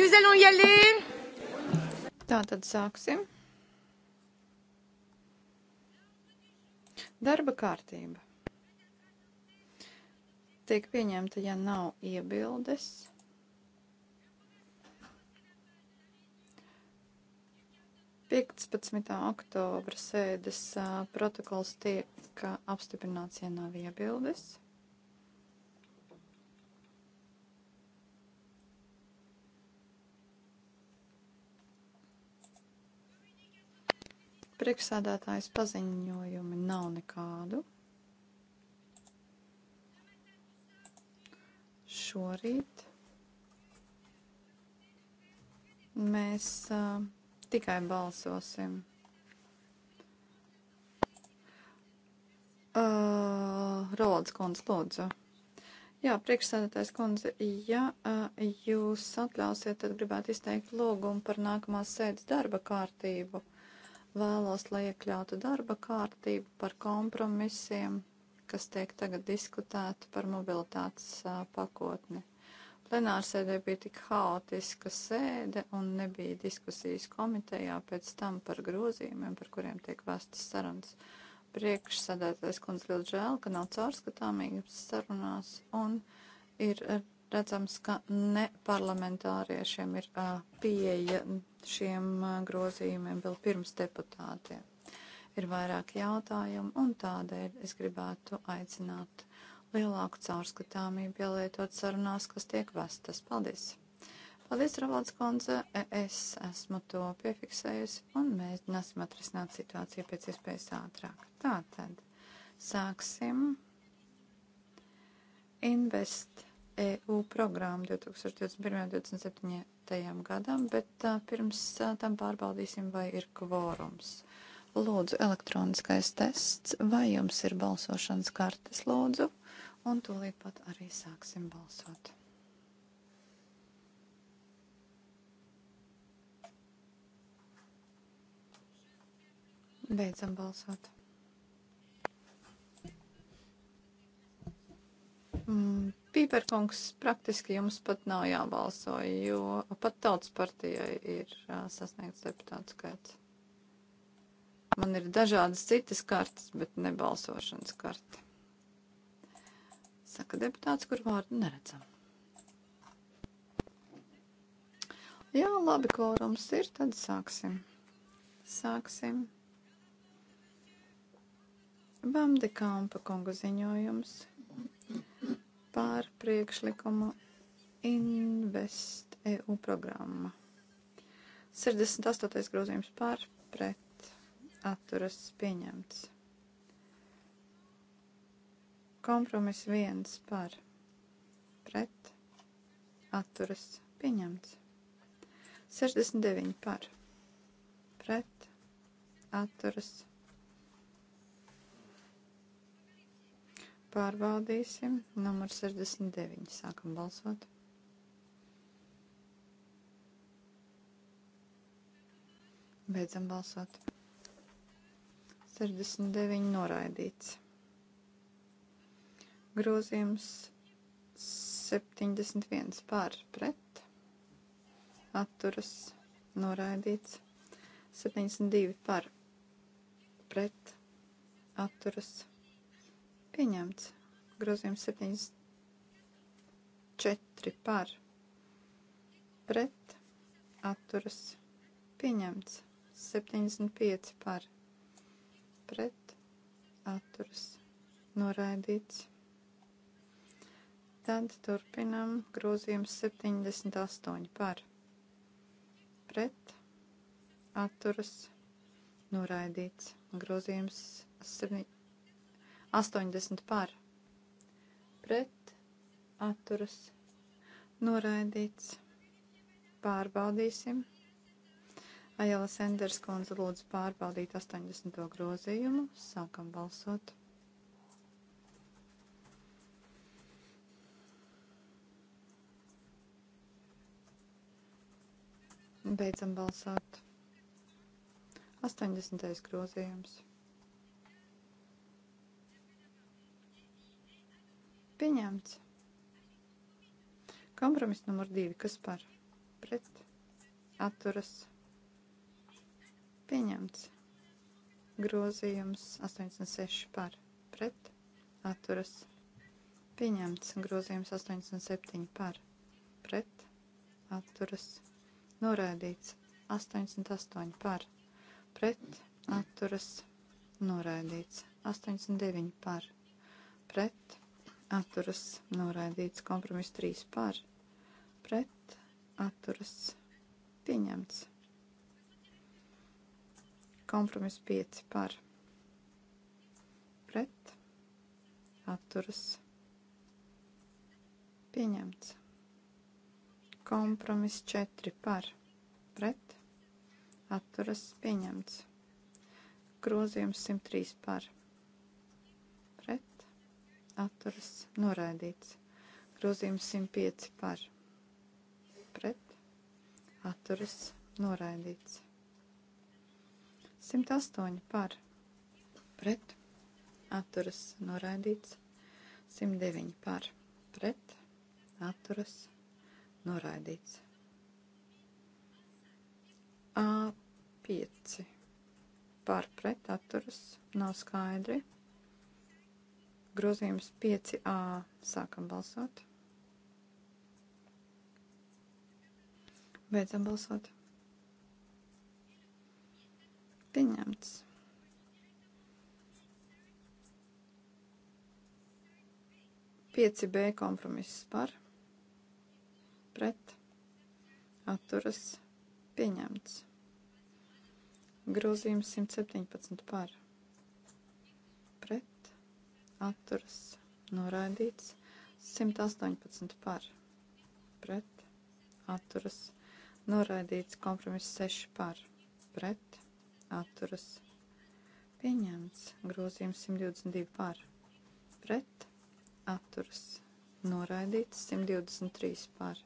nous allons y aller. Tā tad sāksim. Darba kārtība. Tiek pieņemta, ja nav iebildes. Piektspadsmitā oktobra sēdes protokols tiek apstiprināts, ja nav iebildes. Priekšsēdētājs paziņojumi nav nekādu. Šorīt mēs uh, tikai balsosim. Uh, Rolds kundze, lūdzu. Jā, priekšsēdētājs kundze, ja uh, jūs atļausiet, tad gribētu izteikt lūgumu par nākamās sēdes darba kārtību. Uh, Vēlos, lai iekļautu darba kārtību par kompromisiem, kas tiek tagad diskutēti par mobilitātes uh, pakotni. Plenārsēdē bija tik haotiska sēde un nebija diskusijas komitejā pēc tam par grozījumiem, par kuriem tiek vēstas sarunas. Priekšsēdētais kundze ļoti žēl, ka nav caurskatāmības sarunās un ir Redzams, ka ne parlamentāriešiem ir pieeja šiem grozījumiem vēl pirms deputātiem. Ir vairāk jautājumu, un tādēļ es gribētu aicināt lielāku caurskatāmību ielietot sarunās, kas tiek vestas. Paldies! Paldies, Ravalds Konze! Es esmu to piefiksējusi, un mēģināsim atrisināt situāciju pēc iespējas ātrāk. Tātad, sāksim. Invest EU programmu 2021-2027 gadam, bet uh, pirms uh, tam pārbaudīsim, vai ir kvorums. Lūdzu, elektroniskais tests, vai jums ir balsošanas kartes, lūdzu, un tūlīt pat arī sāksim balsot. Beidzam balsot. Mm Pīperkungs, praktiski jums pat nav jābalso, jo pat tautas partijai ir uh, sasniegts deputāts skaits. Man ir dažādas citas kartas, bet ne balsošanas karta. Saka deputāts, kur vārdu neredzam. Jā, labi, kvorums ir, tad sāksim. Sāksim. Vamdekampa kunga ziņojums par priekšlikumu Invest EU programma. 68. grozījums par pret atturas pieņemts. Kompromiss viens par pret atturas pieņemts. 69 par pret atturas pieņemts. Pārbaudīsim. Numur 69. Sākam balsot. Beidzam balsot. 69 noraidīts. Grozījums 71 pār pret. Atturas noraidīts. 72 par pret. Atturas noraidīts Pieņemts. Grozījums 74 par pret atturas. Pieņemts. 75 par pret atturas. Noraidīts. Tad turpinam grozījums 78 par pret atturas. Noraidīts. Grozījums 78. 80 par pret atturas noraidīts. Pārbaudīsim. Ajala Senders kundze lūdzu pārbaudīt 80. grozījumu. Sākam balsot. Beidzam balsot. 80. grozījums. pieņemts. Kompromiss numur divi, kas par pret atturas pieņemts. Grozījums 86 par pret atturas pieņemts. Grozījums 87 par pret atturas noraidīts. 88 par pret atturas noraidīts. 89 par pret atturas noraidīts. Kompromiss 3 par pret atturas pieņemts. Kompromiss 5 par pret atturas pieņemts. Kompromiss 4 par pret atturas pieņemts. Grozījums 103 par pret atturas noraidīts. Grozījums 105 par pret atturas noraidīts. 108 par pret atturas noraidīts. 109 par pret atturas noraidīts. A5 par pret atturas nav skaidri. Grozījums 5a. Sākam balsot. Beidzam balsot. Pieņemts. Pieci B kompromiss par, pret, atturas, pieņemts. Grozījums 117 par, atturas noraidīts. 118 par pret atturas noraidīts. Kompromiss 6 par pret atturas pieņemts. Grozījums 122 par pret atturas noraidīts. 123 par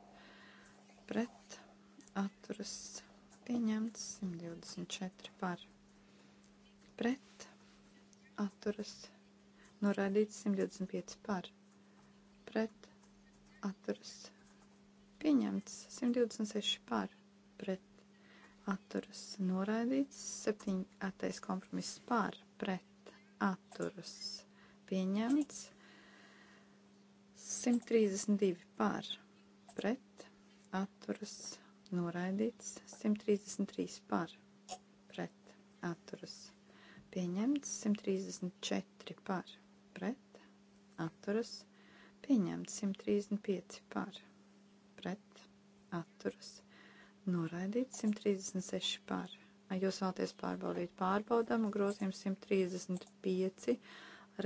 pret atturas pieņemts. 124 par pret atturas noraidīts noraidīts 125 par, pret, atturas, pieņemts 126 par, pret, atturas, noraidīts 7 attais kompromiss par, pret, atturas, pieņemts 132 par, pret, atturas, noraidīts 133 par, pret, atturas, pieņemts 134 par, pret, atturas, pieņemts 135 par, pret, atturas, noraidīts 136 par. Jūs vēlaties pārbaudīt pārbaudām un grozījums 135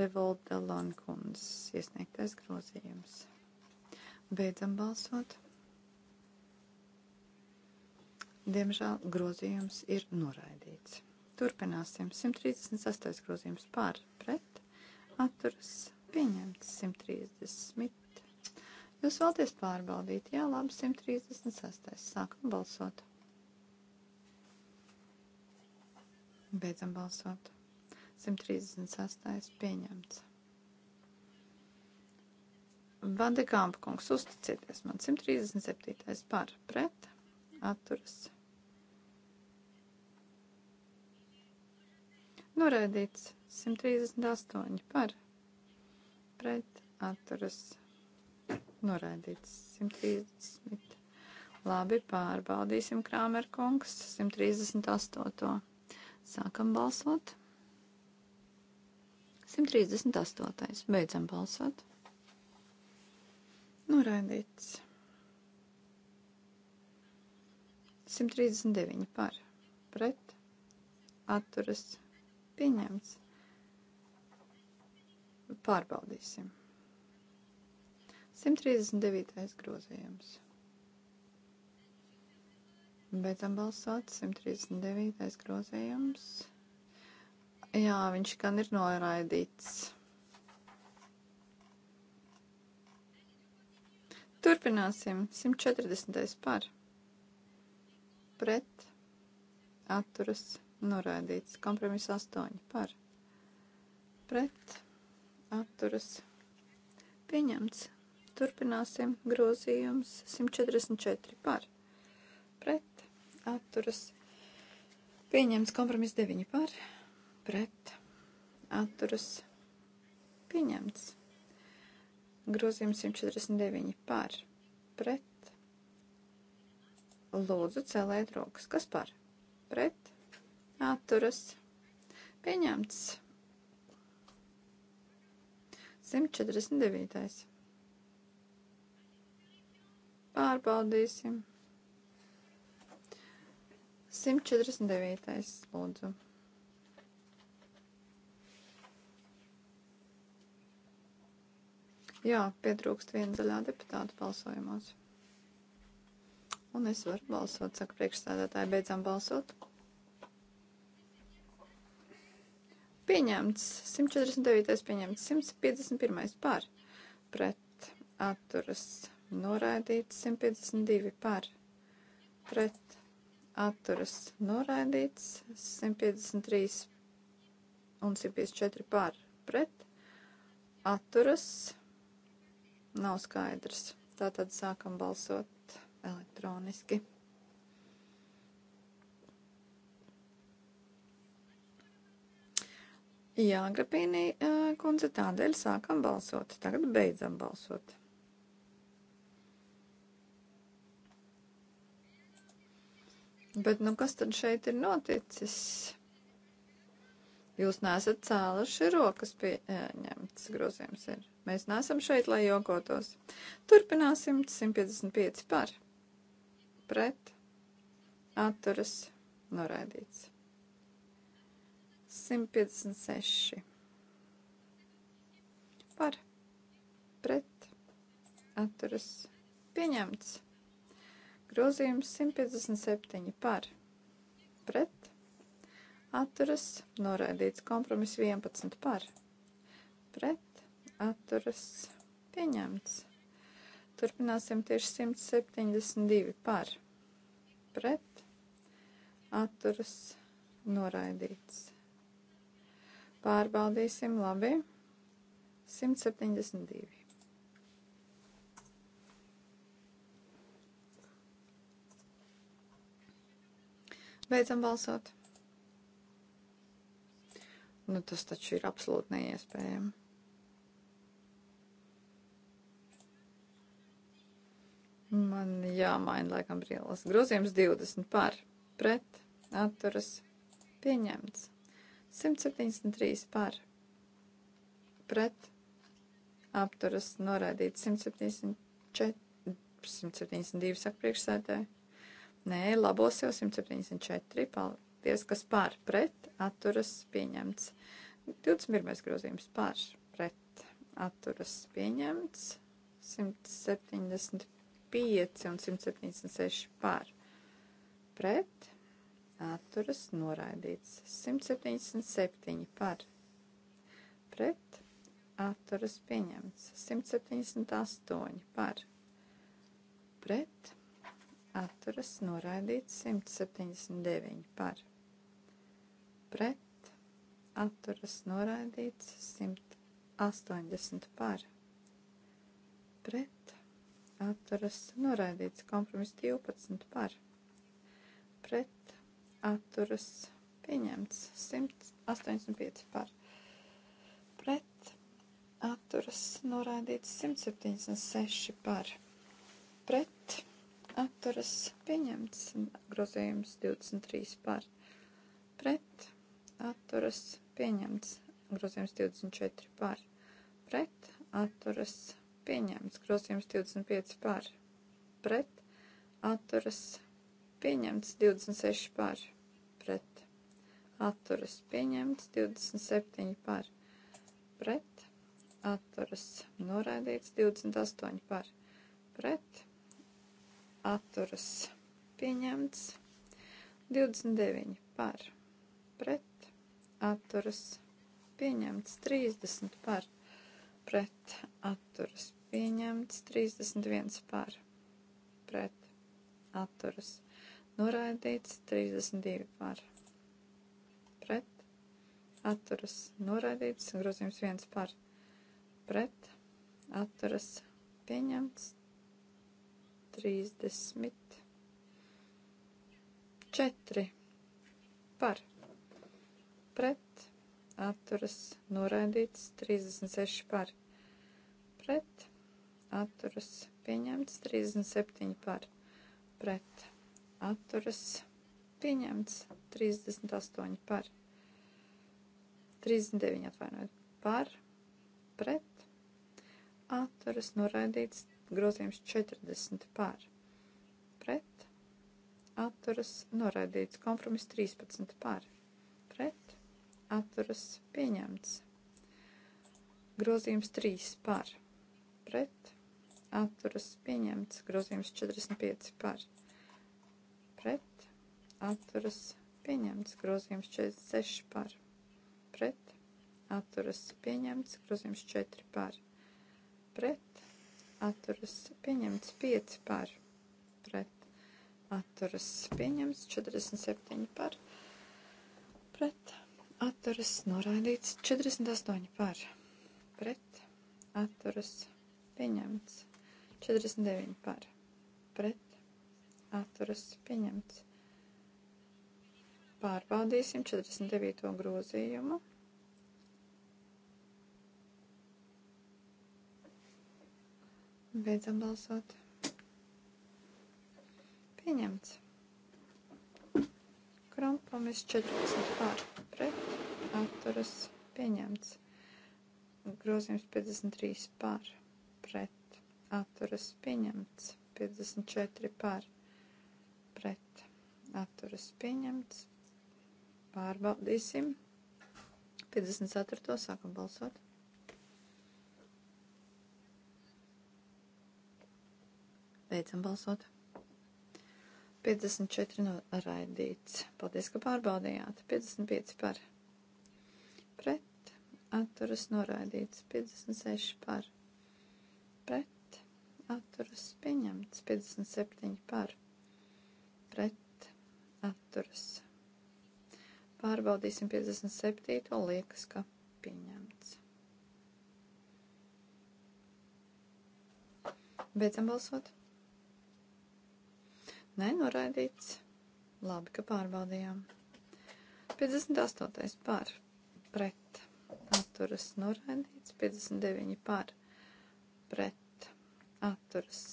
revolta lankunas iesniegtais grozījums. Beidzam balsot. Diemžēl grozījums ir noraidīts. Turpināsim. 136. grozījums pār pret atturas pieņemts 130. Jūs vēlties pārbaudīt, jā, labi, 136. Sākam balsot. Beidzam balsot. 136. pieņemts. Vandekāmpa kungs, uzticieties man, 137. par pret atturas. Noraidīts 138 par pret atturas noraidīts 130. Labi, pārbaudīsim Krāmerkungs 138. Sākam balsot. 138. Beidzam balsot. Noraidīts. 139 par pret atturas pieņemts. Pārbaudīsim. 139. grozījums. Beidzam balsot. 139. grozījums. Jā, viņš gan ir noraidīts. Turpināsim. 140. par. Pret. Atturas. Noraidīts. Kompromiss 8. Par. Pret atturas pieņemts. Turpināsim grozījums 144 par pret atturas pieņemts kompromiss 9 par pret atturas pieņemts. Grozījums 149 par pret. Lūdzu celēt rokas. Kas par? Pret atturas pieņemts. 149. Pārbaudīsim. 149. lūdzu. Jā, pietrūkst viena zaļā deputāta balsojumos. Un es varu balsot, saka priekšstādātāji, beidzam balsot. Pieņemts 149. pieņemts 151. par pret atturas noraidīts 152 par pret atturas noraidīts 153 un 154 par pret atturas nav skaidrs. Tātad sākam balsot elektroniski. Jā, Grapīnī kundze, tādēļ sākam balsot. Tagad beidzam balsot. Bet nu kas tad šeit ir noticis? Jūs nesat cēluši rokas pieņemts grozījums ir. Mēs nesam šeit, lai jokotos. Turpināsim 155 par. Pret. Atturas. Noraidīts. 156 par pret atturas pieņemts. Grozījums 157 par pret atturas noraidīts. Kompromiss 11 par pret atturas pieņemts. Turpināsim tieši 172 par pret atturas noraidīts. Pārbaudīsim, labi. 172. Beidzam balsot. Nu, tas taču ir absolūti neiespējami. Man jāmaina laikam brīlis. Grozījums 20 par, pret, atturas, pieņemts. 173 par pret apturas noraidīts 174, 172 saka priekšsēdētāji. Nē, labos jau 174, paldies, kas pār pret atturas pieņemts. 21. grozījums pār pret atturas pieņemts. 175 un 176 pār pret atturas noraidīts. 177 par pret atturas pieņemts. 178 par pret atturas noraidīts. 179 par pret atturas noraidīts. 180 par pret atturas noraidīts. Kompromiss 12 par pret atturas pieņemts 185 par pret atturas noraidīts 176 par pret atturas pieņemts grozījums 23 par pret atturas pieņemts grozījums 24 par pret atturas pieņemts grozījums 25 par pret atturas pieņemts pieņemts 26 par pret. Atturas pieņemts 27 par pret. Atturas noraidīts 28 par pret. Atturas pieņemts 29 par pret. Atturas pieņemts 30 par pret. Atturas pieņemts 31 par pret. Atturas pieņemts noraidīts, 32 par pret, atturas noraidīts, grozījums 1 par pret, atturas pieņemts, 34 par pret, atturas noraidīts, 36 par pret, atturas pieņemts, 37 par pret atturas pieņemts 38 par 39 atvainojot par pret atturas noraidīts grozījums 40 par pret atturas noraidīts kompromis 13 par pret atturas pieņemts grozījums 3 par pret atturas pieņemts grozījums 45 par pret pret, atturas pieņemts. Grozījums 46 par pret, atturas pieņemts. Grozījums 4 par pret, atturas pieņemts. 5 par pret, atturas pieņemts. 47 par pret, atturas noraidīts. 48 par pret, atturas pieņemts. 49 par pret atturas pieņemts. Pārbaudīsim 49. grozījumu. Beidzam balsot. Pieņemts. Kompromis 14 pār pret atturas pieņemts. Grozījums 53 pār pret atturas pieņemts. 54 pār pret atturas pieņemts. Pārbaudīsim. 54. sākam balsot. Beidzam balsot. 54 noraidīts. Paldies, ka pārbaudījāt. 55 par. Pret. Atturas noraidīts. 56 par. Pret. Atturas pieņemts. 57 par pret atturas. Pārbaudīsim 57. liekas, ka pieņemts. Beidzam balsot. Nē, noraidīts. Labi, ka pārbaudījām. 58. par pret atturas noraidīts. 59. par pret atturas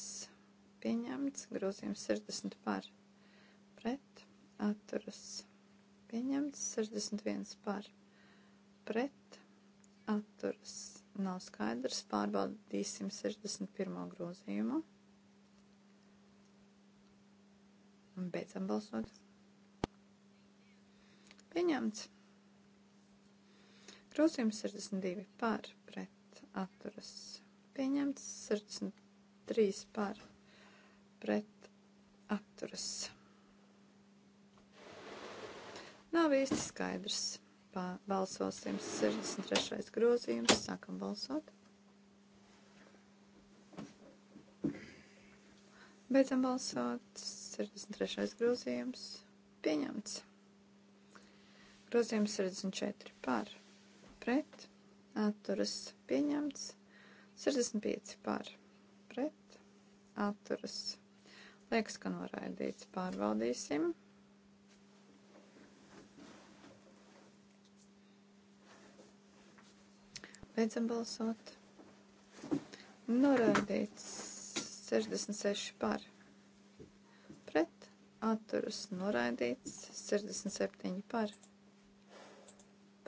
pieņemts. Grozījums 60 par pret pret, atturas pieņemts, 61 par, pret, atturas nav skaidrs, pārbaudīsim 61. grozījumu. Un beidzam balsot. Pieņemts. Grozījums 62 par, pret, atturas pieņemts, 63 par, pret, atturas Nav īsti skaidrs. Balsosim 63. grozījums. Sākam balsot. Beidzam balsot. 63. grozījums. Pieņemts. Grozījums 64 par. Pret. Atturas pieņemts. 65 par. Pret. Atturas. Liekas, ka noraidīts. Pārbaudīsim. Beidzam balsot. Noraidīts 66 par. Pret atturas noraidīts 67 par.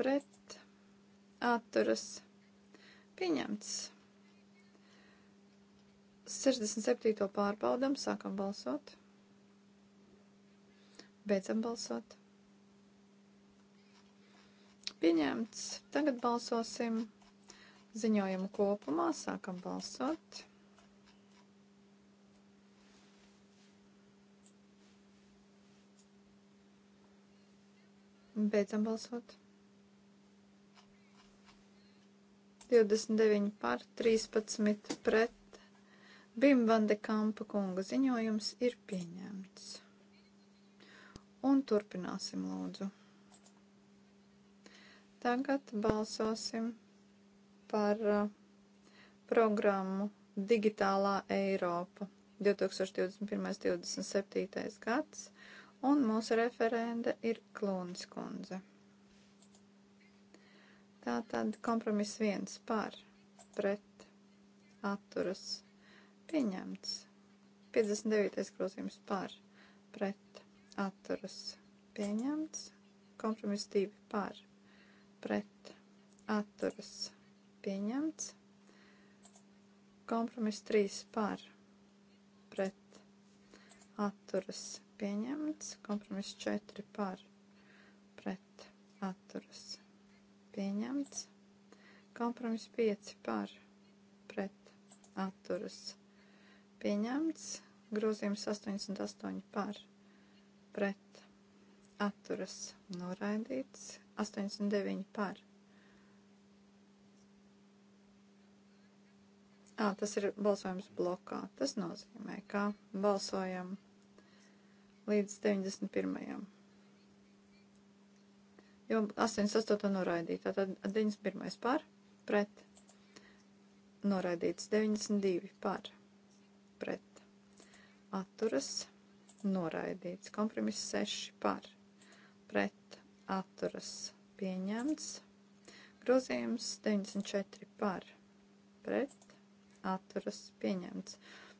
Pret atturas pieņemts. 67. pārbaudam, sākam balsot. Beidzam balsot. Pieņemts. Tagad balsosim ziņojumu kopumā. Sākam balsot. Beidzam balsot. 29 par 13 pret. Bimbande Kampa kunga ziņojums ir pieņemts. Un turpināsim lūdzu. Tagad balsosim par eh, programmu Digitālā Eiropa 2021-2027. gads, un mūsu referenda ir Klūnas kundze. Tātad kompromiss viens par, pret, atturas, pieņemts. 59. grozījums par, pret, atturas, pieņemts. Kompromiss divi par, pret, atturas, pieņemts pieņemts. Kompromiss 3 par pret atturas pieņemts. Kompromiss 4 par pret atturas pieņemts. Kompromiss 5 par pret atturas pieņemts. Grozījums 88 par pret atturas noraidīts. 89 par À, tas ir balsojums blokā. Tas nozīmē, ka balsojam līdz 91. Jo 88. noraidīt, tātad 91. par, pret, noraidīts 92. par, pret, atturas, noraidīts, kompromiss 6 par, pret, atturas, pieņemts, grozījums 94 par, pret, atturas pieņemts.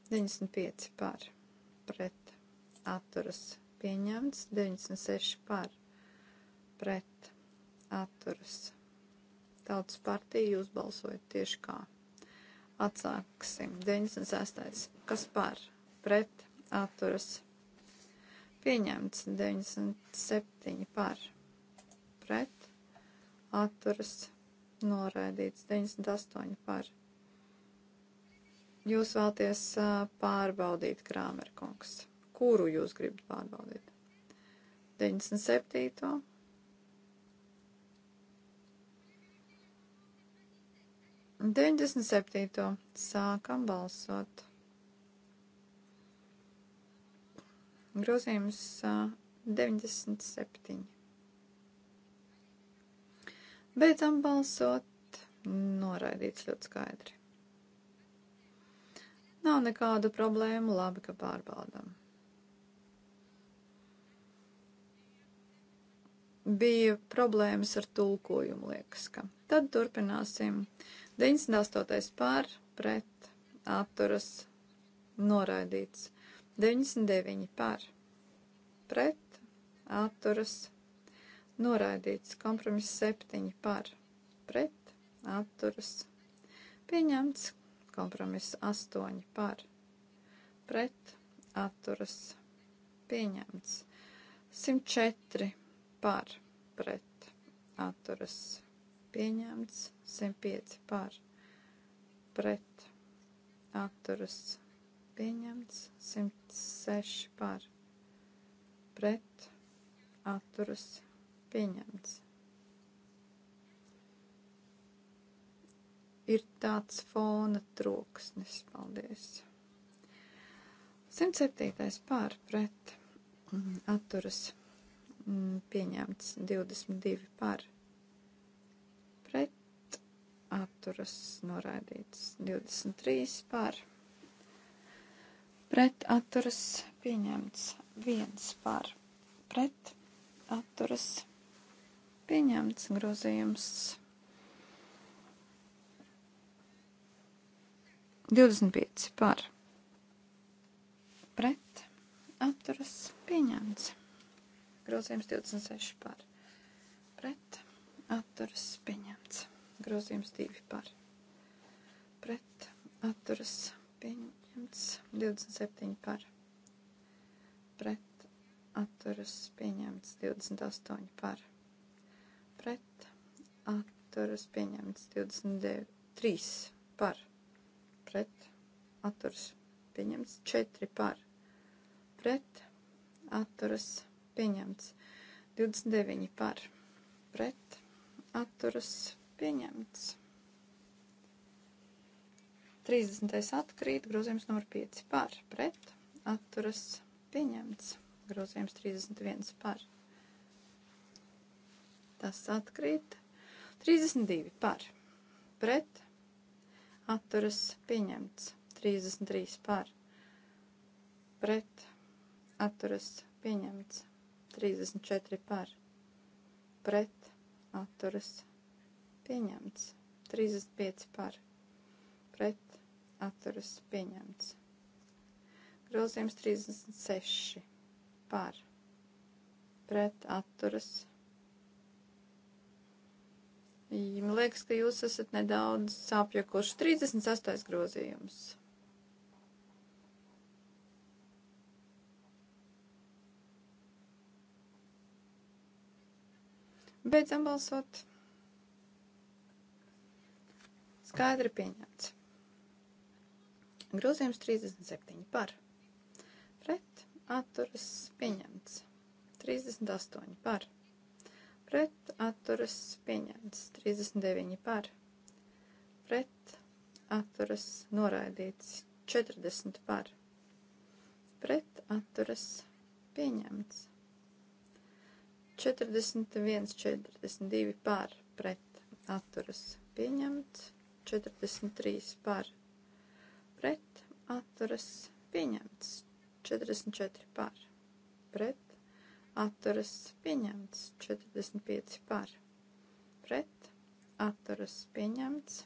95 par pret atturas pieņemts. 96 par pret atturas. Tautas partija jūs balsojat tieši kā. Atsāksim. 96. Kas par pret atturas pieņemts. 97 par pret atturas noraidīts. 98 par jūs vēlties pārbaudīt, Krāmerkungs? Kuru jūs gribat pārbaudīt? 97. Un 97. sākam balsot. Grozījums 97. Beidzam balsot. Noraidīts ļoti skaidri. Nav nekādu problēmu, labi, ka pārbaudam. Bija problēmas ar tulkojumu, liekas, ka. Tad turpināsim. 98. pār pret atturas noraidīts. 99 pār pret atturas noraidīts. Kompromiss 7 pār pret atturas pieņemts. Kompromiss 8 par pret atturas pieņemts. 104 par pret atturas pieņemts. 105 par pret atturas pieņemts. 106 par pret atturas pieņemts. ir tāds fona troksnis. Paldies! 107. Mhm. Mm, pār pret atturas pieņemts 22 par pret atturas noraidīts 23 par pret atturas pieņemts 1 par pret atturas pieņemts grozījums 1 25 par pret atturas pieņemts. Grozījums 26 par pret atturas pieņemts. Grozījums 2 par pret atturas pieņemts. 27 par pret atturas pieņemts. 28 par pret atturas pieņemts. 23 par pret atturas pieņemts. 4 par pret atturas pieņemts. 29 par pret atturas pieņemts. 30. atkrīt, grozījums numur 5 par, pret, atturas pieņemts, grozījums 31 par. Tas atkrīt, 32 par, pret, atturas pieņemts. 33 par pret atturas pieņemts. 34 par pret atturas pieņemts. 35 par pret atturas pieņemts. Grozījums 36 par pret atturas pieņemts Man liekas, ka jūs esat nedaudz sāpjokoši. 38. grozījums. Beidzam balsot. Skaidri pieņemts. Grozījums 37 par. Pret atturas pieņemts. 38 par pret atturas pieņemts 39 par, pret atturas noraidīts 40 par, pret atturas pieņemts 41, 42 par, pret atturas pieņemts 43 par, pret atturas pieņemts 44 par, pret atturas pieņemts 45 par, pret atturas pieņemts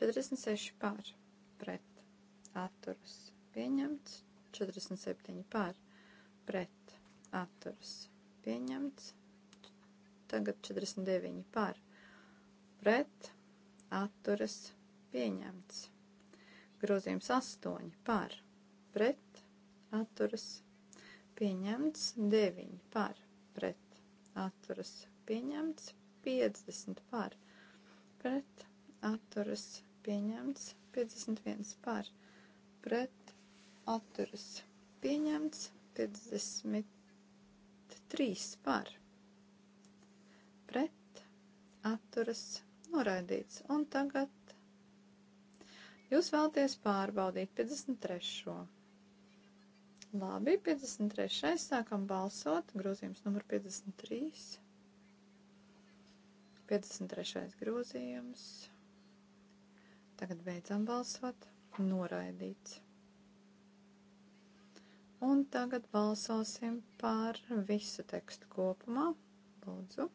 46 par, pret atturas pieņemts 47 par, pret atturas pieņemts tagad 49 par, pret atturas pieņemts. Grozījums 8 par, pret atturas pieņemts pieņemts 9 par pret atturas pieņemts 50 par pret atturas pieņemts 51 par pret atturas pieņemts 53 par pret atturas noraidīts un tagad jūs vēlties pārbaudīt 53. Labi, 53. sākam balsot. Grozījums numur 53. 53. grozījums. Tagad beidzam balsot. Noraidīts. Un tagad balsosim par visu tekstu kopumā. Lūdzu.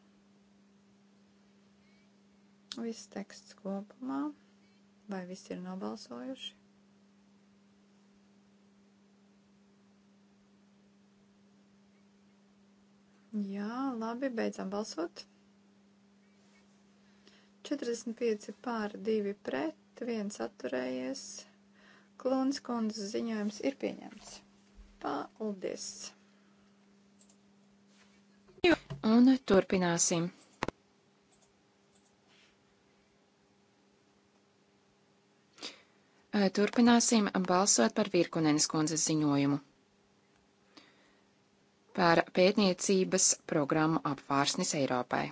Viss teksts kopumā. Vai visi ir nobalsojuši? Jā, labi, beidzam balsot. 45 pār 2 pret, 1 atturējies. Klūns kundzes ziņojums ir pieņemts. Paldies! Un turpināsim. Turpināsim balsot par Virkunenes kundzes ziņojumu par pētniecības programmu apvārsnis Eiropai.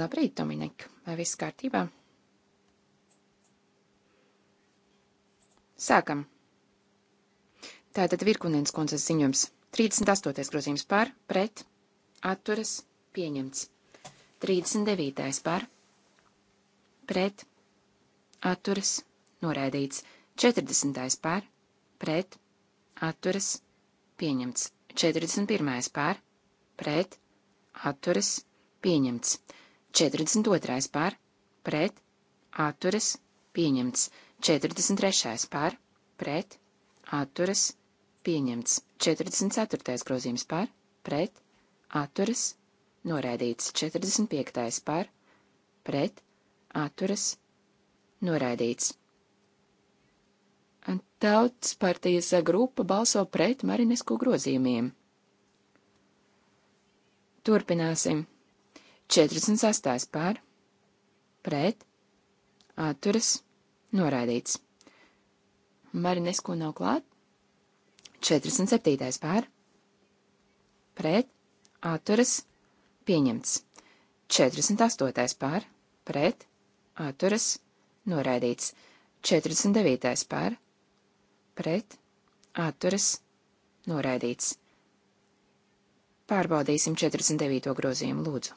Labrīt, Dominika! Vai viss kārtībā? Sākam! Tātad Virkunens kundzes ziņojums. 38. grozījums par, pret, atturas, pieņemts. 39. par, pret, atturas, noraidīts. 40. par, pret, atturas, pieņemts pieņemts. 41. pār, pret, atturas, pieņemts. 42. pār, pret, atturas, pieņemts. 43. pār, pret, atturas, pieņemts. 44. grozījums pār, pret, atturas, noraidīts. 45. pār, pret, atturas, noraidīts. Tautas partijas grupa balso pret Marinesku grozījumiem. Turpināsim. 46. pār. Pret. Atturas. Noraidīts. Marinesku nav klāt. 47. pār. Pret. Atturas. Pieņemts. 48. pār. Pret. Atturas. Noraidīts. 49. pār pret, atturas, noraidīts. Pārbaudīsim 49. grozījumu lūdzu.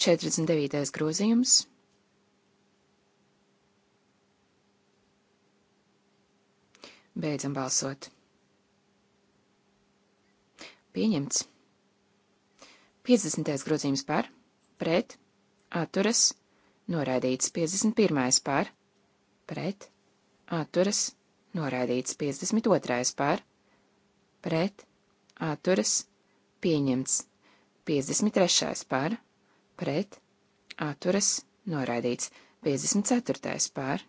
49. grozījums. Beidzam balsot. Pieņemts. 50. grozījums par, pret, atturas, noraidīts. 51. par, pret, atturas, noraidīts 52. par, pret, atturas, pieņemts 53. par, pret, atturas, noraidīts 54. par.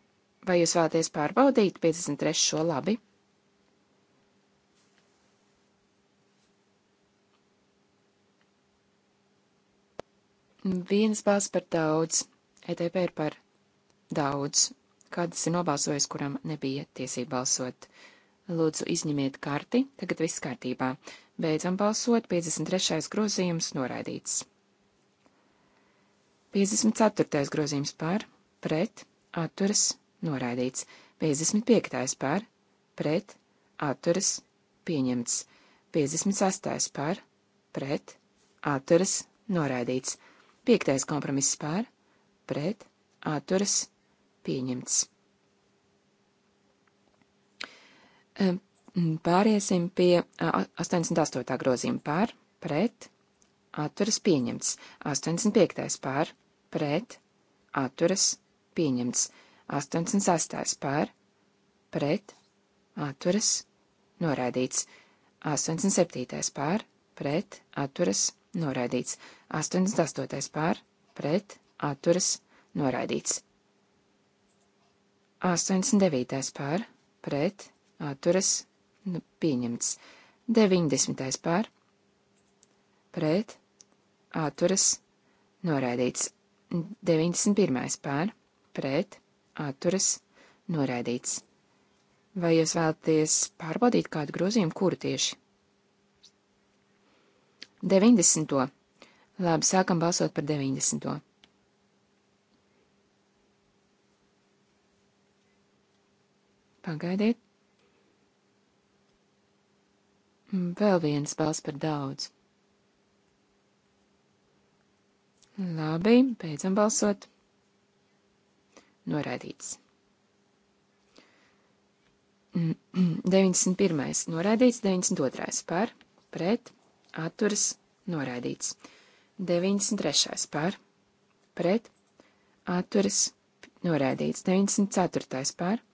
Vai jūs vēlaties pārbaudīt 53. šo labi? Viens balss par daudz, ETP ir par daudz, kādas ir nobalsojis, kuram nebija tiesība balsot. Lūdzu, izņemiet karti, tagad viss kārtībā. Beidzam balsot, 53. grozījums noraidīts. 54. grozījums par, pret, atturas, noraidīts. 55. par, pret, atturas, pieņemts. 56. par, pret, atturas, noraidīts. 5. kompromiss par, pret, atturas, Pieņemts. Pāriesim pie 88. grozījuma pār, pret, atturas pieņemts. 85. pār, pret, atturas pieņemts. 86. pār, pret, atturas noraidīts. 87. pār, pret, atturas noraidīts. 88. pār, pret, atturas noraidīts. 89. pār, pret, atturas, nu, pieņemts. 90. pār, pret, atturas, noraidīts. 91. pār, pret, atturas, noraidīts. Vai jūs vēlaties pārbaudīt kādu grozījumu, kuru tieši? 90. Labi, sākam balsot par 90. Pagaidiet. Mm, vēl viens balss par daudz. Labi, beidzam balsot. Noraidīts. 91. Noraidīts, 92. par, pret, atturas, noraidīts. 93. par, pret, atturas, noraidīts. 94. par,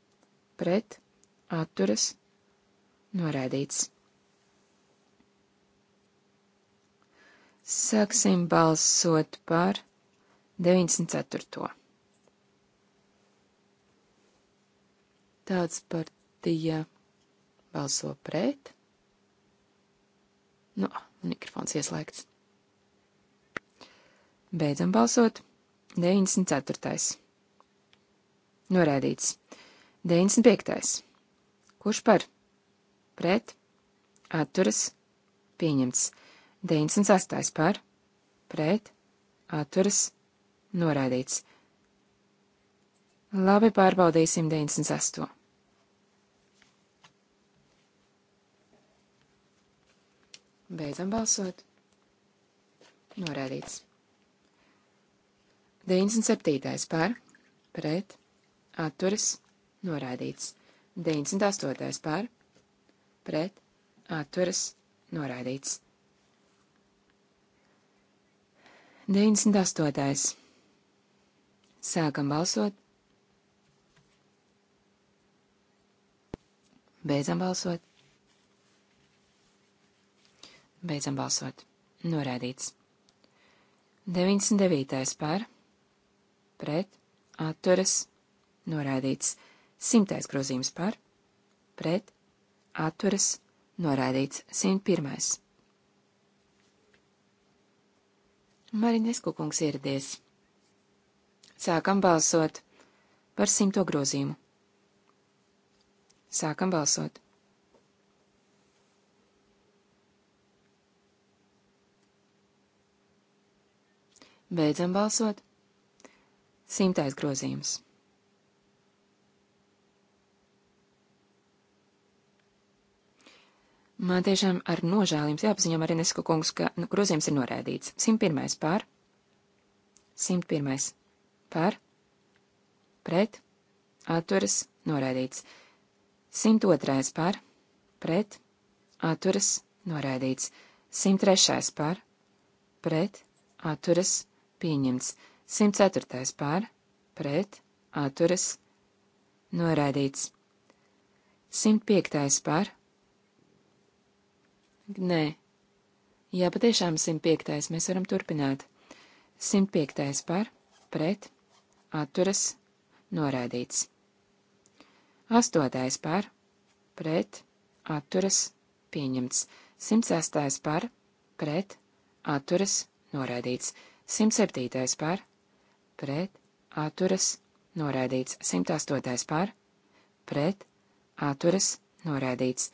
pret, atturas, noraidīts. Sāksim balsot par 94. Tāds partija balso pret. Nu, mikrofons ieslēgts. Beidzam balsot. 94. Norēdīts. 95. Kurš par? Pret. Atturas. Pieņemts. 98. par. Pret. Atturas. Noraidīts. Labi, pārbaudīsim 98. Beidzam balsot. Norādīts. 97. par, pret, atturas, noraidīts. 98. par, pret, atturas, noraidīts. 98. Sākam balsot. Beidzam balsot. Beidzam balsot. Norādīts. 99. par, pret, atturas, norādīts. Simtais grozījums par, pret, atturas, noraidīts. 101. Marinesku kungs ieradies. Sākam balsot par simto grozījumu. Sākam balsot. Beidzam balsot. Simtais grozījums. Man tiešām ar nožēlījums jāpaziņo Marinesku kungs, ka nu, grozījums ir noraidīts. 101. pār. 101. pār. Pret. Atturas. Noraidīts. 102. pār. Pret. Atturas. Noraidīts. 103. pār. Pret. Atturas. Pieņemts. 104. pār. Pret. Atturas. Noraidīts. 105. pār Nē. Jā, patiešām 105. mēs varam turpināt. 105. par, pret, atturas, noraidīts. 8. par, pret, atturas, pieņemts. 106. par, pret, atturas, noraidīts. 107. par, pret, atturas, noraidīts. 108. par, pret, atturas, noraidīts.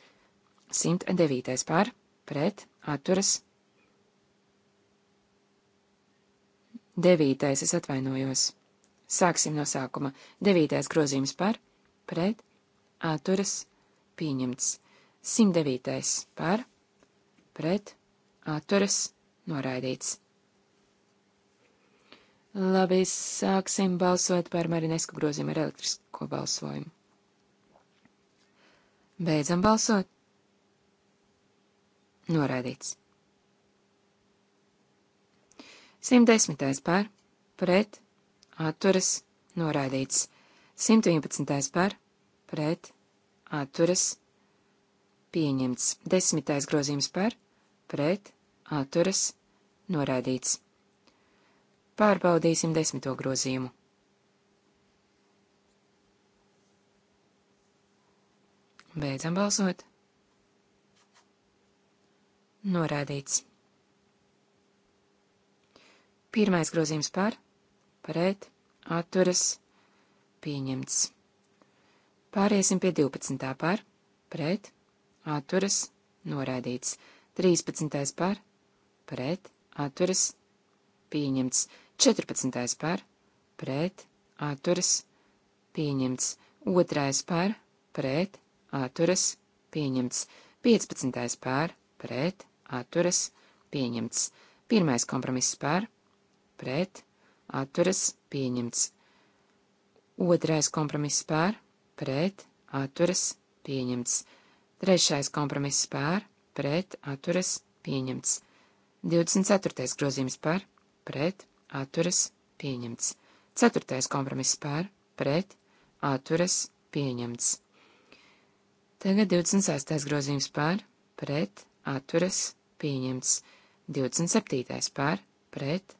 109. par, pret, atturas. Devītais, es atvainojos. Sāksim no sākuma. Devītais grozījums par, pret, atturas, pieņemts. 109. par, pret, atturas, noraidīts. Labi, sāksim balsot par Marinesku grozījumu ar elektrisko balsojumu. Beidzam balsot. Noraidīts. 110. par, pret, atturas, noraidīts. 111. par, pret, atturas, pieņemts. 10. grozījums par, pret, atturas, noraidīts. Pārbaudīsim desmito grozījumu. Beidzam balsot. Norādīts. Pirmais grozījums par, pareiet, atturas, pieņemts. Pāriesim pie 12. par, pret, atturas, norādīts. 13. par, pret, atturas, pieņemts. 14. par, pret, atturas, pieņemts. 2. par, pret, atturas, pieņemts. 15. par, pret, atturas, pieņemts. Pirmais kompromiss par, pret, atturas, pieņemts. Otrais kompromiss par, pret, atturas, pieņemts. Trešais kompromiss par, pret, atturas, pieņemts. 24. grozījums par, pret, atturas, pieņemts. 4. kompromiss par, pret, atturas, pieņemts. Tagad 26. grozījums par, pret, atturas, pieņemts. 27. par, pret,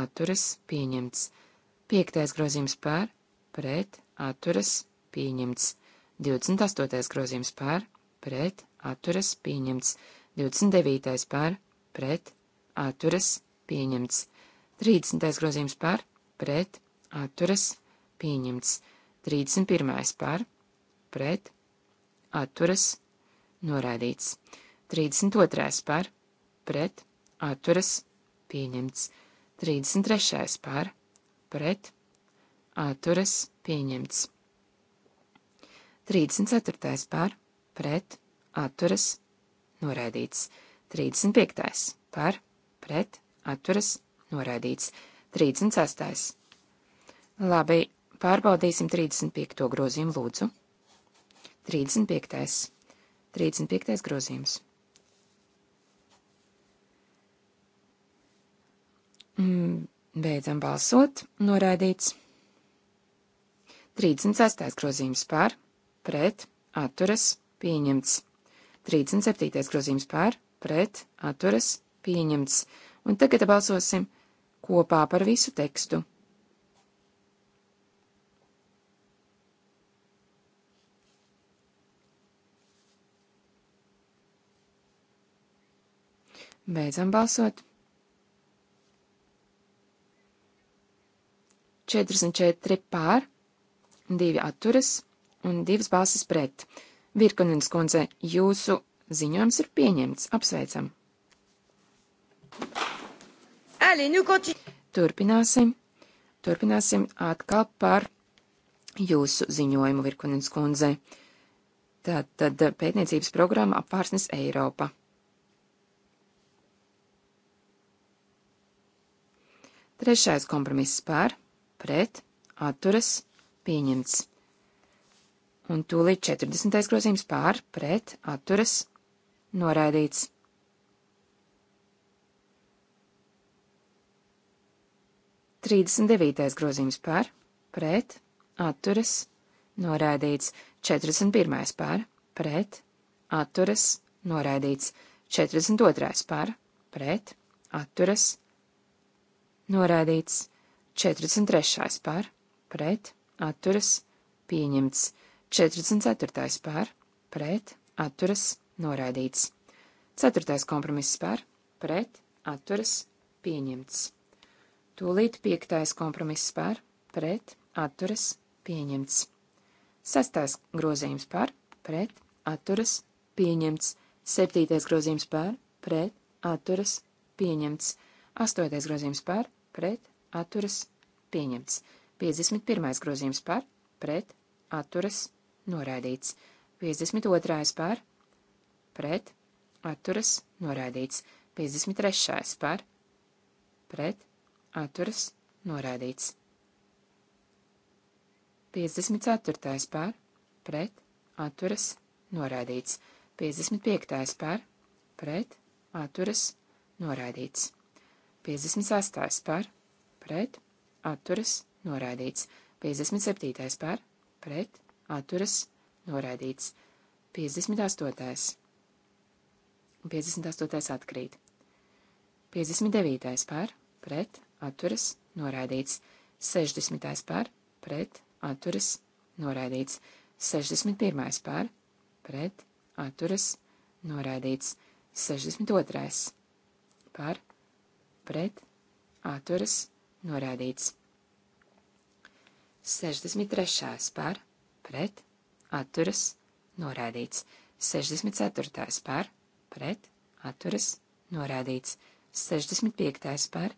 atturas, pieņemts. 5. grozījums par, pret, atturas, pieņemts. 28. grozījums par, pret, atturas, pieņemts. 29. par, pret, atturas, pieņemts. 30. grozījums par, pret, atturas, pieņemts. 31. par, pret, atturas, noraidīts. 32. par, pret, atturas, pieņemts. 33. par, pret, atturas, pieņemts. 34. par, pret, atturas, noraidīts. 35. par, pret, atturas, noraidīts. 36. Labi, pārbaudīsim 35. grozījumu lūdzu. 35. 35. grozījums. Mm, beidzam balsot. Noraidīts. 36. grozījums pār, pret, atturas, pieņemts. 37. grozījums pār, pret, atturas, pieņemts. Un tagad balsosim kopā par visu tekstu. Beidzam balsot. 44 pār, 2 atturas un 2 balsis pret. Virkunens kundze, jūsu ziņojums ir pieņemts. Apsveicam! Turpināsim. Turpināsim atkal par jūsu ziņojumu, Virkunens kundze. Tātad pētniecības programma apvārsnes Eiropa. Trešais kompromiss pār pret, atturas, pieņemts. Un tūlīt 40. grozījums pār, pret, atturas, noraidīts. Trīsdesmit devītais grozījums pār, pret, atturas, noraidīts. Četrdesmit pirmais pār, pret, atturas, noraidīts. Četrdesmit otrais pār, pret, atturas, noraidīts. 43. par, pret, atturas, pieņemts. 44. par, pret, atturas, noraidīts. 4. kompromiss par, pret, atturas, pieņemts. Tūlīt 5. kompromiss par, pret, atturas, pieņemts. 6. grozījums par, pret, atturas, pieņemts. 7. grozījums par, pret, atturas, pieņemts. 8. grozījums par, pret, atturas, pieņemts. 51. grozījums par, pret, atturas, noraidīts. 52. par, pret, atturas, noraidīts. 53. par, pret, atturas, noraidīts. 54. par, pret, atturas, noraidīts. 55. par, pret, atturas, noraidīts. 56. par, pret, atturas, noraidīts. 57. par, pret, atturas, noraidīts. 58. 58. atkrīt. 59. par, pret, atturas, noraidīts. 60. par, pret, atturas, noraidīts. 61. par, pret, atturas, noraidīts. 62. par, pret, atturas, noraidīts Norādīts. 63. par, pret, atturas, norādīts. 64. par, pret, atturas, norādīts. 65. par,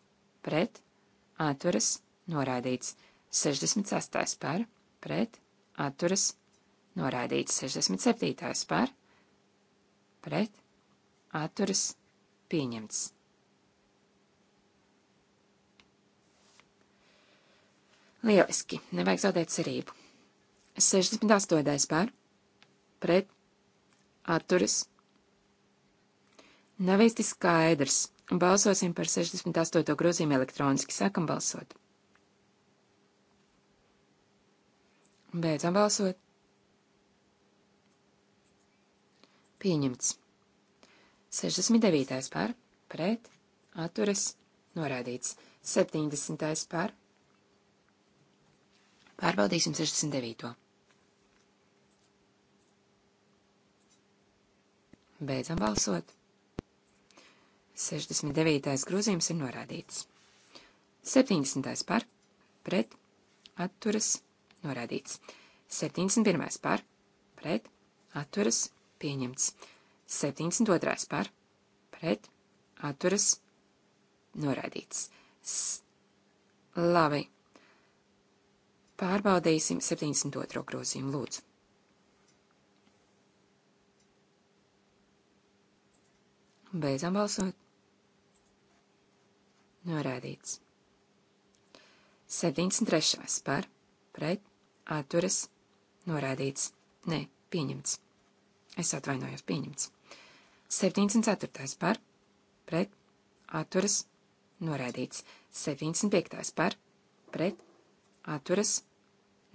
pret, atturas, norādīts. 68. par, pret, atturas, norādīts 67. par, pret, atturas, pieņemts. Nu, lieliski, nevajag zaudēt cerību. 68. pār, pret, atturas. Nav īsti skaidrs. Balsosim par 68. grozījumu elektroniski. Sākam balsot. Beidzam balsot. Pieņemts. 69. par, pret, atturas, norādīts. 70. par, Pārbaudīsim 69. Beidzam balsot. 69. grozījums ir norādīts. 70. par, pret, atturas, norādīts. 71. par, pret, atturas, pieņemts. 72. par, pret, atturas, norādīts. S Labi, Pārbaudīsim 72. grozījumu lūdzu. Beidzam balsot. Norādīts. 73. par, pret, atturas, norādīts. Nē, pieņemts. Es atvainojos, pieņemts. 74. par, pret, atturas, norādīts. 75. par, pret, atturas,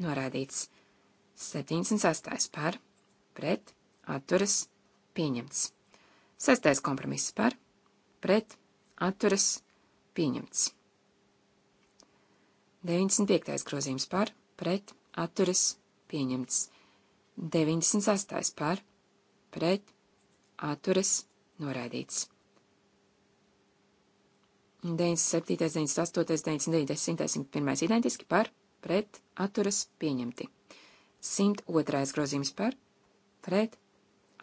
norādīts. 76. par, pret, atturas, pieņemts. 6. kompromiss par, pret, atturas, pieņemts. 95. grozījums par, pret, atturas, pieņemts. 96. par, pret, atturas, noraidīts. 97., 98., 99., 101. identiski par, pret atturas pieņemti. 102. grozījums par pret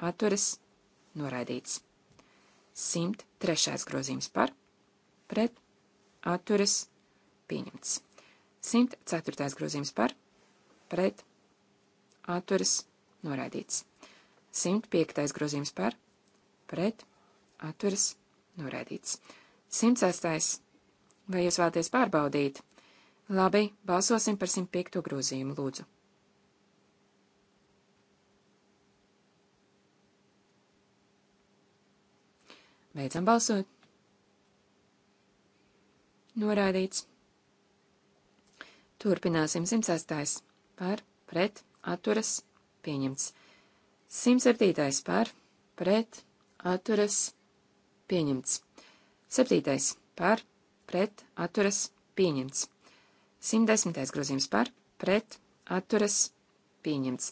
atturas noraidīts. 103. grozījums par pret atturas pieņemts. 104. grozījums par pret atturas noraidīts. 105. grozījums par pret atturas noraidīts. 106. Vai jūs vēlaties pārbaudīt? Labi, balsosim par 105. grozījumu, lūdzu. Beidzam balsot. Norādīts. Turpināsim 106. par, pret, atturas, pieņemts. 107. par, pret, atturas, pieņemts. 7. par, pret, atturas, pieņemts. 110. grozījums par, pret, atturas, pieņemts.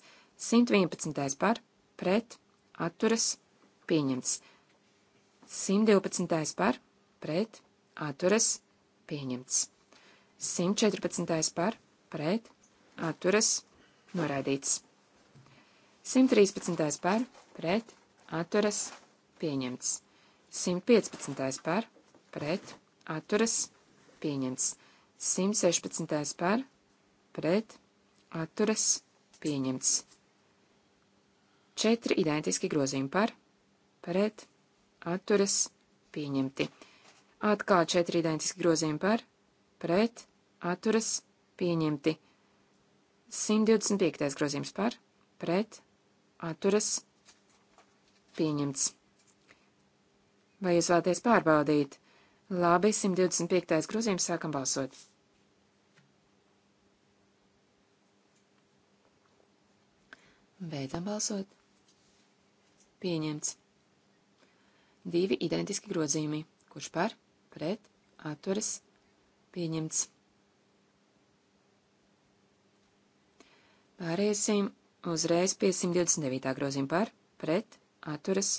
111. par, pret, atturas, pieņemts. 112. par, pret, atturas, pieņemts. 114. par, pret, atturas, noraidīts. 113. par, pret, atturas, pieņemts. 115. par, pret, atturas, pieņemts. 116. par, pret, atturas, pieņemts. Četri identiski grozījumi par, pret, atturas, pieņemti. Atkal četri identiski grozījumi par, pret, atturas, pieņemti. 125. grozījums par, pret, atturas, pieņemts. Vai jūs vēlaties pārbaudīt? Labi, 125. grozījums sākam balsot. Beidzam balsot. Pieņemts. Divi identiski grozījumi. Kurš par, pret, atturas, pieņemts. Pāriesim uzreiz pie 129. grozījuma par, pret, atturas,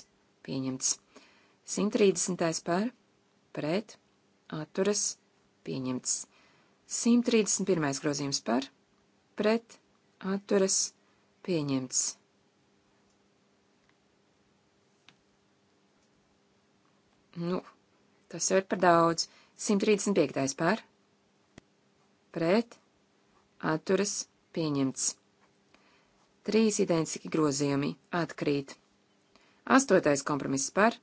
pieņemts. 130. par, pret, atturas, pieņemts. 131. grozījums par, pret, atturas, pieņemts. Pieņemts. Nu, tas jau ir par daudz. 135. pār. Pret. Atturas. Pieņemts. Trīs identiski grozījumi atkrīt. Astotais kompromiss par.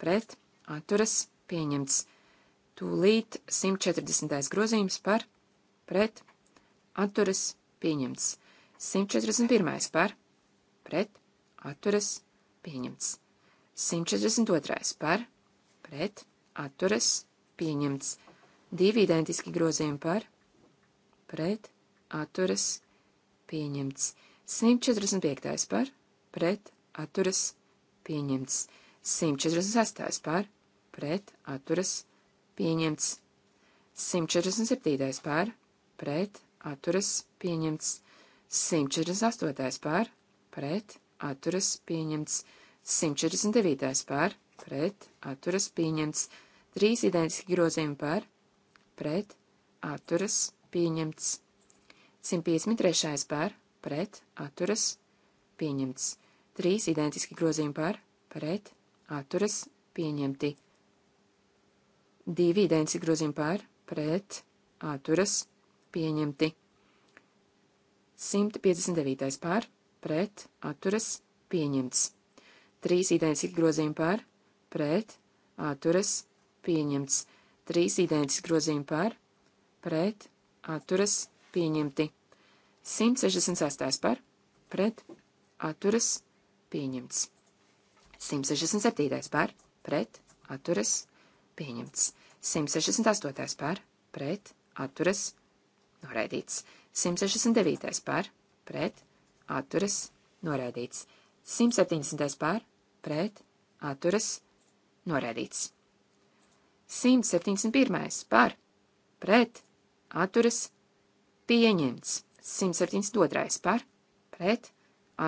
Pret. Atturas. Pieņemts. Tūlīt 140. grozījums par. Pret. Atturas. Pieņemts. 141. par, pret, atturas, pieņemts. 142. par, pret, atturas, pieņemts. Divi identiski grozījumi par, pret, atturas, pieņemts. 145. par, pret, atturas, pieņemts. 146. par, pret, atturas, pieņemts. 147. par, pret, atturas, pieņemts. 148. pār, pret, atturas pieņemts, 149. pār, pret, atturas pieņemts, 3 identiski grozījumi pār, pret, atturas pieņemts, 153. pār, pret, atturas pieņemts, 3 identiski grozījumi pār, pret, atturas pieņemti, 2 identiski grozījumi pār, pret, atturas pieņemti. 159. pār, pret, atturas, pieņemts. 3 identiski grozījumi pār, pret, atturas, pieņemts. 3 identiski grozījumi pār, pret, atturas, pieņemti. 168. pār, pret, atturas, pieņemts. 167. pār, pret, atturas, pieņemts. 168. pār, pret, atturas, noraidīts. 169. par, pret, atturas, noraidīts. 170. par, pret, atturas, noraidīts. 171. par, pret, atturas, pieņemts. 172. par, pret,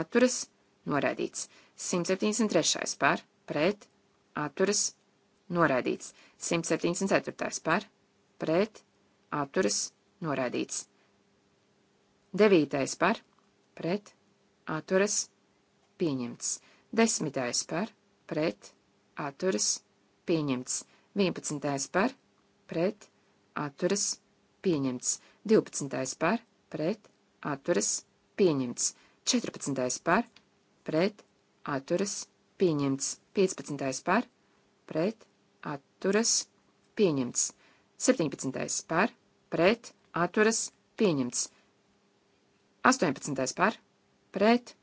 atturas, noraidīts. 173. par, pret, atturas, noraidīts. 174. par, pret, atturas, noraidīts. Devītais par, pret, atturas, pieņemts. Desmitais par, pret, atturas, pieņemts. Vienpadsmitais par, pret, atturas, pieņemts. Divpadsmitais par, pret, atturas, pieņemts. Četrpadsmitais par, pret, atturas, pieņemts. Piecpadsmitais par, pret, atturas, pieņemts. Septiņpadsmitais par, pret, atturas, pieņemts. 18. par, pret,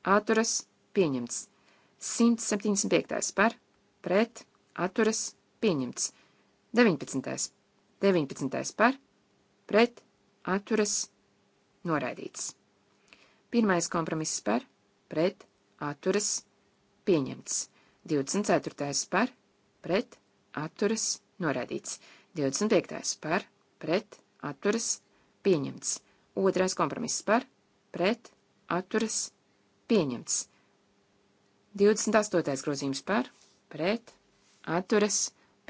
atturas, pieņemts. 175. par, pret, atturas, pieņemts. 19. 19. par, pret, atturas, noraidīts. Pirmais kompromiss par, pret, atturas, pieņemts. 24. par, pret, atturas, noraidīts. 25. par, pret, atturas, pieņemts. Otrais kompromiss par, pret, atturas, pieņemts. 28. grozījums par, pret, atturas,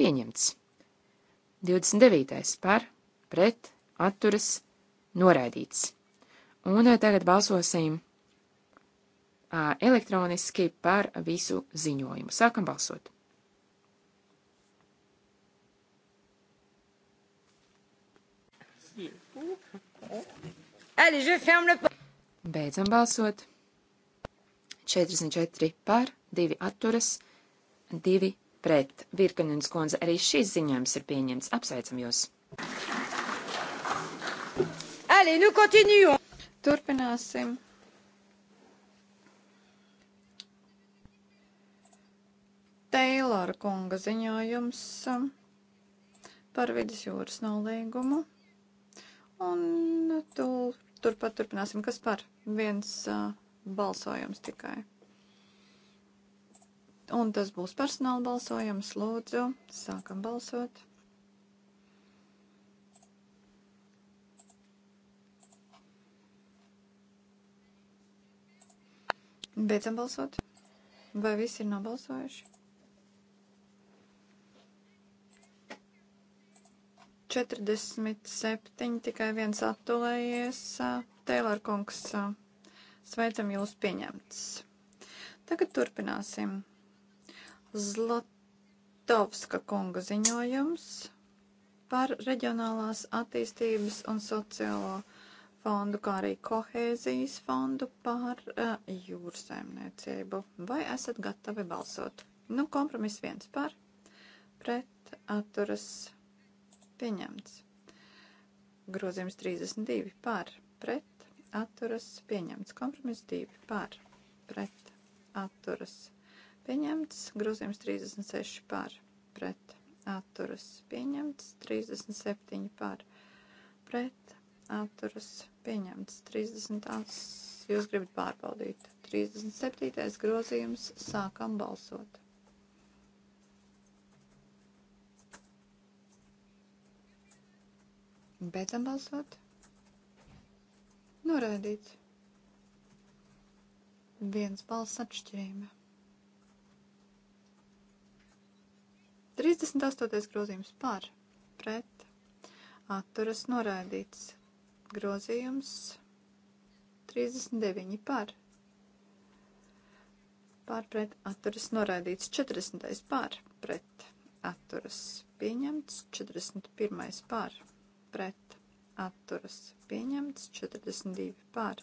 pieņemts. 29. par, pret, atturas, noraidīts. Un eh, tagad balsosim eh, elektroniski par visu ziņojumu. Sākam balsot! Allez, je ferme le... Beidzam balsot. 44 par, 2 atturas, 2 pret. Virkanins kundze, arī šīs ziņojums ir pieņemts. Apsveicam jūs! Allez, nous continuons! Turpināsim! Teilora kunga ziņojums par vidusjūras nolīgumu un tulp turpat turpināsim. Kas par? Viens uh, balsojums tikai. Un tas būs personāla balsojums. Lūdzu, sākam balsot. Beidzam balsot. Vai visi ir nobalsojuši? 47, tikai viens attulējies. Tēlor kungs, sveicam jūs pieņemts. Tagad turpināsim. Zlatovska kunga ziņojums par reģionālās attīstības un sociālo fondu, kā arī kohēzijas fondu par uh, eh, jūras saimniecību. Vai esat gatavi balsot? Nu, kompromiss viens par, pret, atturas, pieņemts. Grozījums 32 par, pret, atturas, pieņemts. Kompromiss 2 par, pret, atturas, pieņemts. Grozījums 36 par, pret, atturas, pieņemts. 37 par, pret, atturas, pieņemts. 38. Jūs gribat pārbaudīt. 37. grozījums. Sākam balsot. Beidzam balsot. Noraidīts. Viens balss atšķirība. 38. grozījums par, pret, atturas noraidīts. Grozījums 39 par. Pārpret atturas noraidīts 40. pārpret atturas pieņemts 41. pārpret pret atturas pieņemts 42 par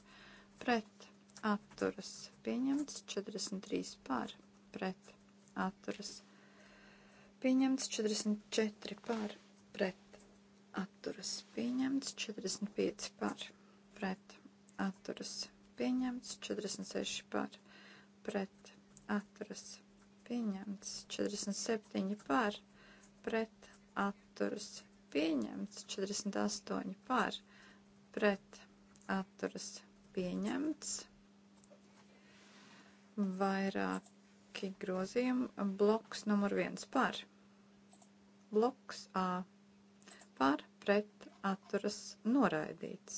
pret atturas pieņemts 43 par pret atturas pieņemts 44 par pret atturas pieņemts 45 par pret atturas pieņemts 46 par pret atturas pieņemts 47 par pret atturas pieņemts, 48 par, pret atturas pieņemts, vairāki grozījumi, bloks numur 1 par, bloks A par, pret atturas noraidīts.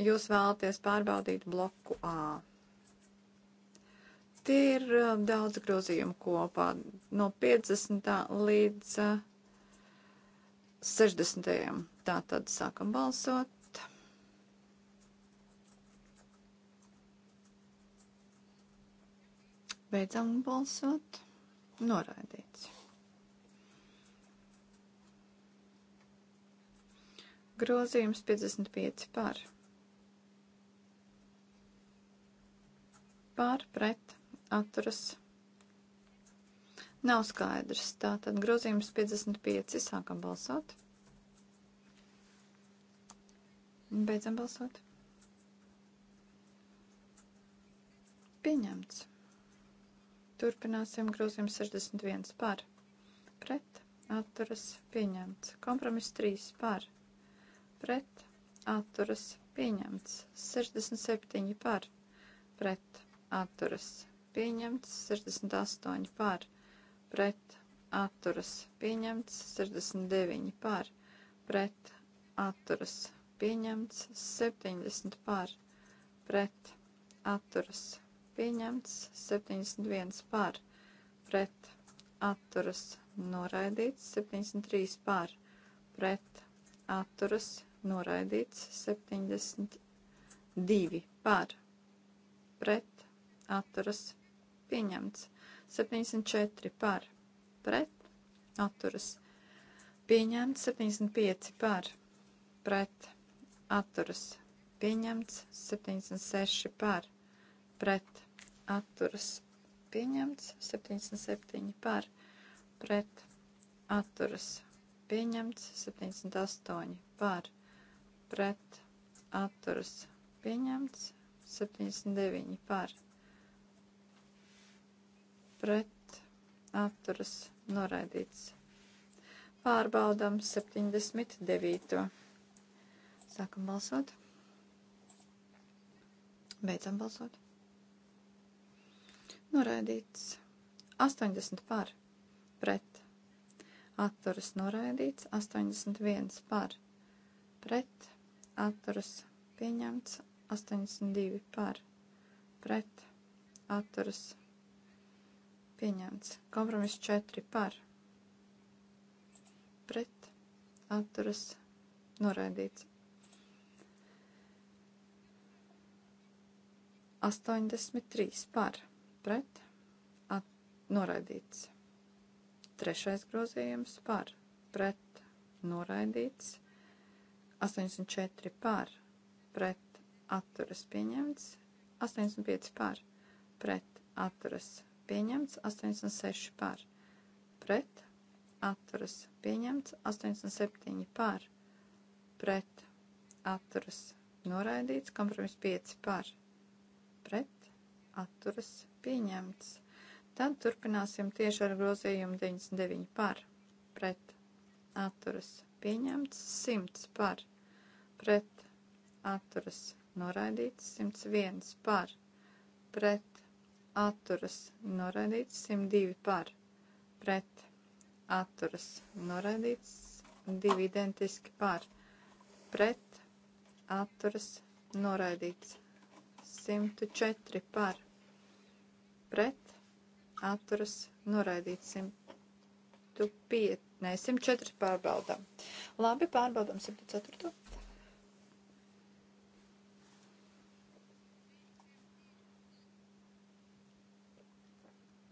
Jūs vēlaties pārbaudīt bloku A tie ir uh, daudz grozījumu kopā, no 50. līdz uh, 60. Tā tad sākam balsot. Beidzam balsot. Noraidīts. Grozījums 55 par. Pār pret atturas Nav skaidrs. Tātad grozījums 55. Sākam balsot. Beidzam balsot. Pieņemts. Turpināsim grozījums 61 par. Pret. Atturas. Pieņemts. Kompromiss 3 par. Pret. Atturas. Pieņemts. 67 par. Pret. Atturas. Pieņemts. 68 par. Pret pret atturas pieņemts, 69 par pret atturas pieņemts, 70 par pret atturas pieņemts, 71 par pret atturas noraidīts, 73 par pret atturas noraidīts, 72 par pret atturas pieņemts. 74 par pret atturas. Pieņemts 75 par pret atturas. Pieņemts 76 par pret atturas. Pieņemts 77 par pret atturas. Pieņemts 78 par pret atturas. Pieņemts 79 par pret atturas pret atturas noraidīts. Pārbaudām 79. Sākam balsot. Beidzam balsot. Noraidīts. 80 par pret. Atturas noraidīts. 81 par pret. Atturas pieņemts. 82 par pret. Atturas noraidīts Pieņemts. Kompromiss 4 par. Pret. Atturas. Noraidīts. 83 par. Pret. At, noraidīts. Trešais grozījums par. Pret. Noraidīts. 84 par. Pret. Atturas pieņemts. 85 par. Pret. Atturas pieņemts pieņemts, 86 par, pret, atturas pieņemts, 87 par, pret, atturas noraidīts, kompromiss 5 par, pret, atturas pieņemts. Tad turpināsim tieši ar grozījumu 99 par, pret, atturas pieņemts, 100 par, pret, atturas noraidīts, 101 par, pret, atturas noraidīts, 102 par pret atturas noraidīts, 2 identiski par pret atturas noraidīts, 104 par pret atturas noraidīts, 105, ne, 104 pārbaudām. Labi, pārbaudām 104.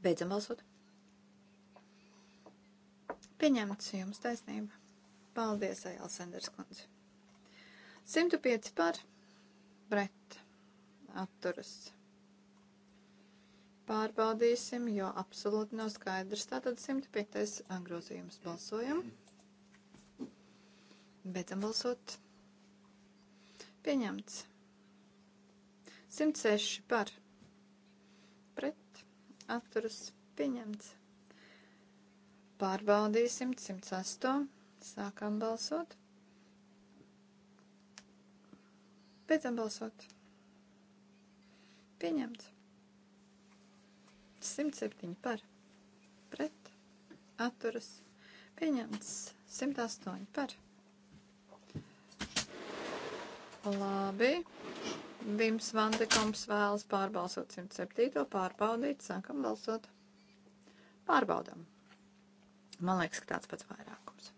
Beidzam balsot. Pieņemts jums taisnība. Paldies, Aijāls Sanders kundze. 105 par pret atturas. Pārbaudīsim, jo absolūti nav skaidrs. Tātad 105. grozījums balsojam. Beidzam balsot. Pieņemts. 106 par pret atturas pieņemts. Pārbaudīsim 108. Sākam balsot. Beidzam balsot. Pieņemts. 107 par. Pret. Atturas. Pieņemts. 108 par. Labi. Vims Vandekoms vēlas pārbalsot 107. pārbaudīt, sākam balsot. Pārbaudam. Man liekas, ka tāds pats vairākums.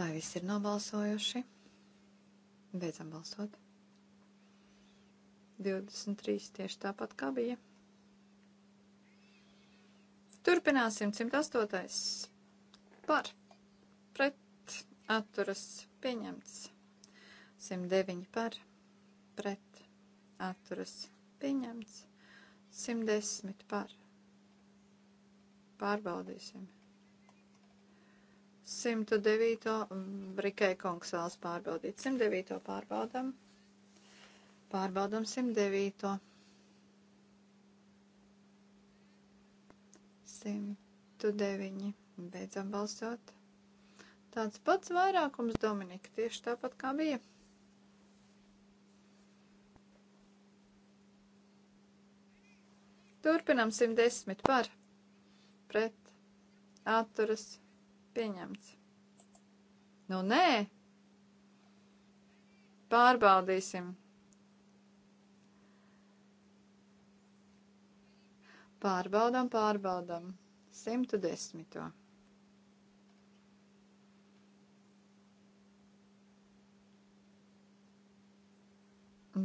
Vai visi ir nobalsojuši? Beidzam balsot. 23 tieši tāpat kā bija. Turpināsim 108. par pret atturas pieņemts. 109 par pret atturas pieņemts. 110 par. Pārbaudīsim. 109. Mm, Rikai kungs vēlas pārbaudīt. 109. pārbaudam. Pārbaudam 109. 109. Beidzam balsot. Tāds pats vairākums, Dominika, tieši tāpat kā bija. Turpinam 110 par pret atturas pieņemts. Nu nē, pārbaudīsim. Pārbaudam, pārbaudam. 110.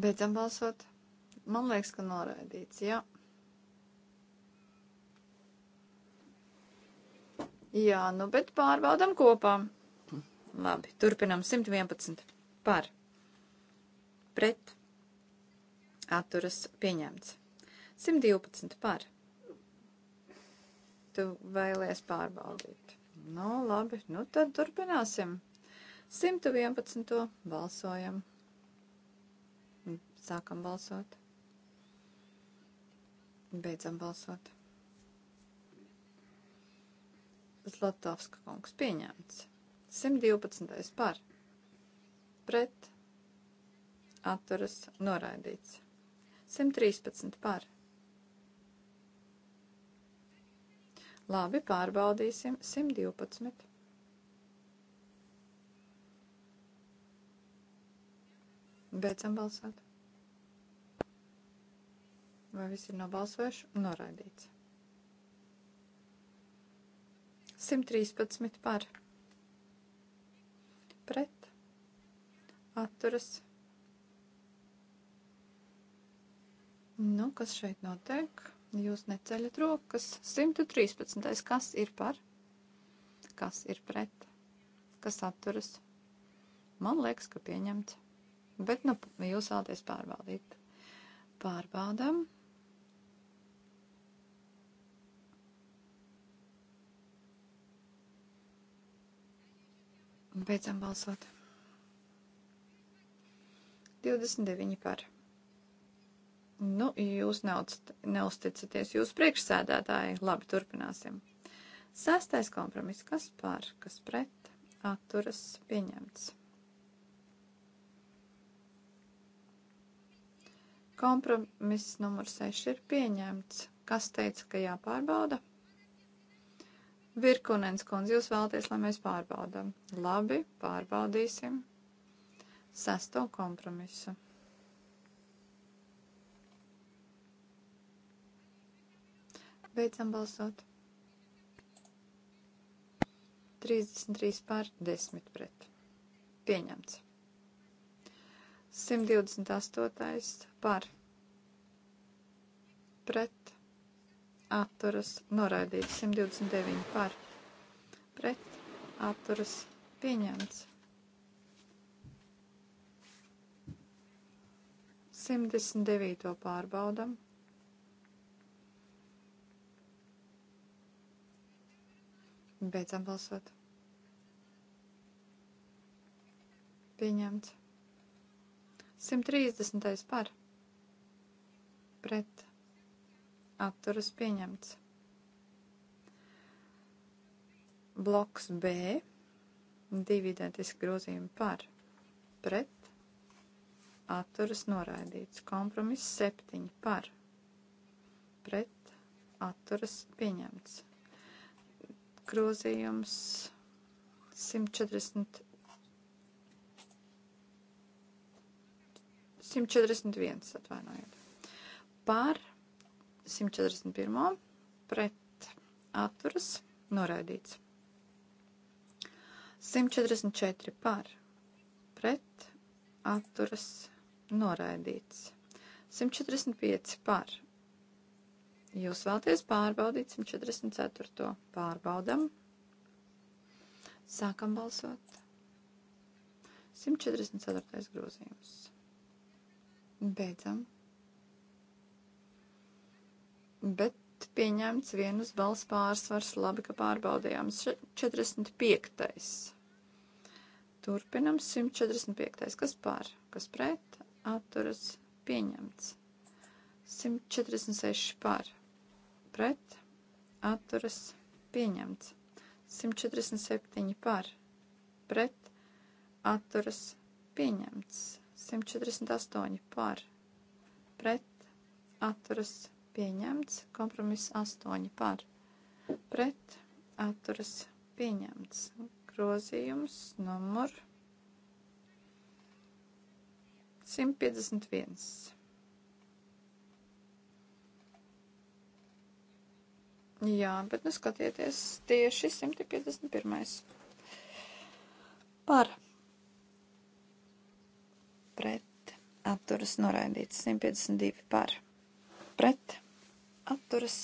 Beidzam balsot. Man liekas, ka noraidīts, jā. Ja. Jā, nu, bet pārbaudam kopā. Labi, turpinam 111 par. Pret. Atturas pieņemts. 112 par. Tu vēlies pārbaudīt. Nu, labi, nu tad turpināsim. 111. balsojam. Sākam balsot. Beidzam balsot. Zlatovska kungs pieņemts. 112. par. Pret. Atturas noraidīts. 113 par. Labi, pārbaudīsim 112. Beidzam balsot. Vai visi ir nobalsojuši? Noraidīts. 113 par pret atturas. Nu, kas šeit notiek? Jūs neceļat rokas. 113. Kas ir par? Kas ir pret? Kas atturas? Man liekas, ka pieņemts. Bet, nu, jūs vēlaties pārbaudīt. Pārbaudām. Beidzam balsot. 29 par. Nu, jūs neusticaties, jūs priekšsēdētāji. Labi, turpināsim. Sastais kompromiss. Kas par, kas pret? Atturas pieņemts. Kompromiss numur 6 ir pieņemts. Kas teica, ka jāpārbauda? Virkunens kundze, jūs vēlaties, lai mēs pārbaudām. Labi, pārbaudīsim. Sesto kompromisu. Beidzam balsot. 33 pār 10 pret. Pieņemts. 128 pār pret atturas noraidīts. 129 par pret atturas pieņemts. 109. pārbaudam. Beidzam balsot. Pieņemts. 130. par. Pret atturas pieņemts. Bloks B, divi identiski grozījumi par, pret, atturas noraidīts. Kompromiss 7 par, pret, atturas pieņemts. Grozījums 140. 141 atvainojiet. Par 141. pret atturas noraidīts. 144 par pret atturas noraidīts. 145 par. Jūs vēlties pārbaudīt 144. Pārbaudam. Sākam balsot. 144. grozījums. Beidzam bet pieņemts vienas balss pārsvars. Labi, ka pārbaudījām. 45. Turpinam 145. Kas pār? Kas pret? Atturas pieņemts. 146 pār. Pret? Atturas pieņemts. 147 pār. Pret? Atturas pieņemts. 148 pār. Pret? Atturas pieņemts pieņemts, kompromiss 8 par, pret atturas pieņemts, grozījums numur 151. Jā, bet nu skatieties tieši 151. Par pret atturas noraidīts 152 par pret atturas